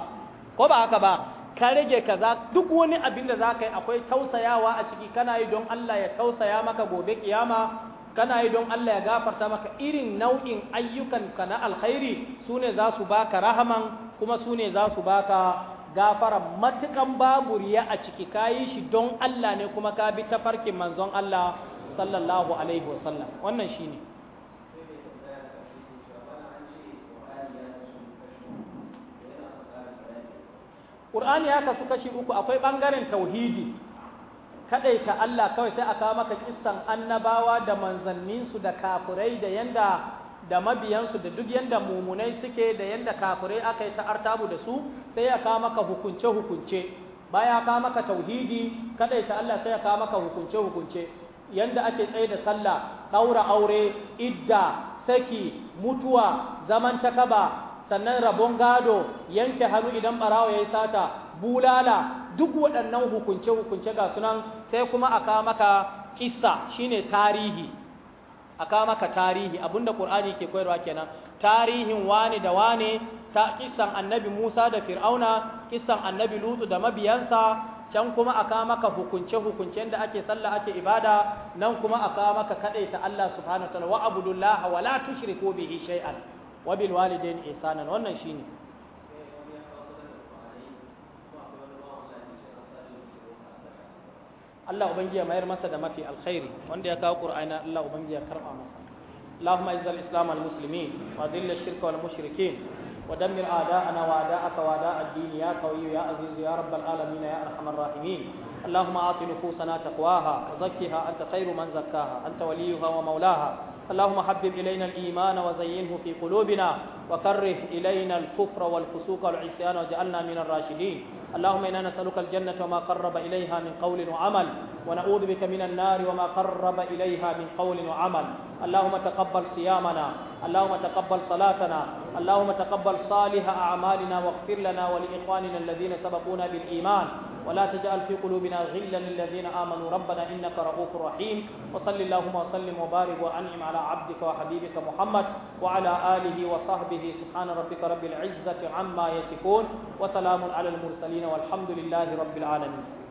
ko ba haka ba ka rage kaza duk wani abin da za yi akwai tausayawa a ciki kana yi don Allah ya tausaya maka gobe kiyama kana yi don Allah ya gafarta maka irin nau'in ayyukan ka na alkhairi su ne za su baka rahaman kuma su ne za su baka gafara matukan babu riya a ciki kayi shi don Allah ne kuma ka bi tafarkin manzon Allah sallallahu alaihi wasallam wannan shine Qur'ani ya kasu kashi uku akwai ɓangaren tauhidi kadaita Allah kawai sai a kawo maka kissan annabawa da manzanninsu da kafurai da yanda da mabiyansu da duk yanda mumunai suke da yanda kafirai aka yi ta artabu da su sai ya kawo maka hukunce hukunce baya kawo maka tauhidi kadai ta Allah sai ya kawo maka hukunce hukunce yanda ake tsaye da sallah daura aure idda saki mutuwa zaman takaba sannan rabon gado yanke hannu idan barawo yayi sata bulala duk waɗannan hukunce hukunce ga sunan sai kuma a kawo maka kissa shine tarihi a ka maka tarihi abinda qur'ani ke koyarwa kenan tarihin wani da wane ta kisan annabi Musa da Fir'auna kisan annabi Lutu da mabiyansa can kuma aka maka hukunce hukuncen da ake sallah ake ibada nan kuma aka maka ta Allah subhanahu wa ta'ala wa abudullaha wa la tushriku bihi shay'an wa bil walidayni ihsanan wannan shine Allah ubangi ya mayar masa da mafi alkhairi wanda ya kawo Qur'ani Allah ubangi ya karba masa اللهم اعز الاسلام والمسلمين وذل الشرك والمشركين ودمر اعداءنا واعداءك واعداء الدين يا قوي يا عزيز يا رب العالمين يا ارحم الراحمين اللهم أعطي نفوسنا تقواها وزكها انت خير من زكاها انت وليها ومولاها اللهم حبب إلينا الإيمان وزينه في قلوبنا وكره إلينا الكفر والفسوق والعصيان واجعلنا من الراشدين اللهم إنا نسألك الجنة وما قرب إليها من قول وعمل ونعوذ بك من النار وما قرب إليها من قول وعمل اللهم تقبل صيامنا اللهم تقبل صلاتنا اللهم تقبل صالح أعمالنا واغفر لنا ولإخواننا الذين سبقونا بالإيمان ولا تجعل في قلوبنا غلا للذين آمنوا ربنا إنك رؤوف رحيم وصل اللهم وسلم وبارك وأنعم على عبدك وحبيبك محمد وعلى آله وصحبه سبحان ربك رب العزة عما يصفون وسلام على المرسلين والحمد لله رب العالمين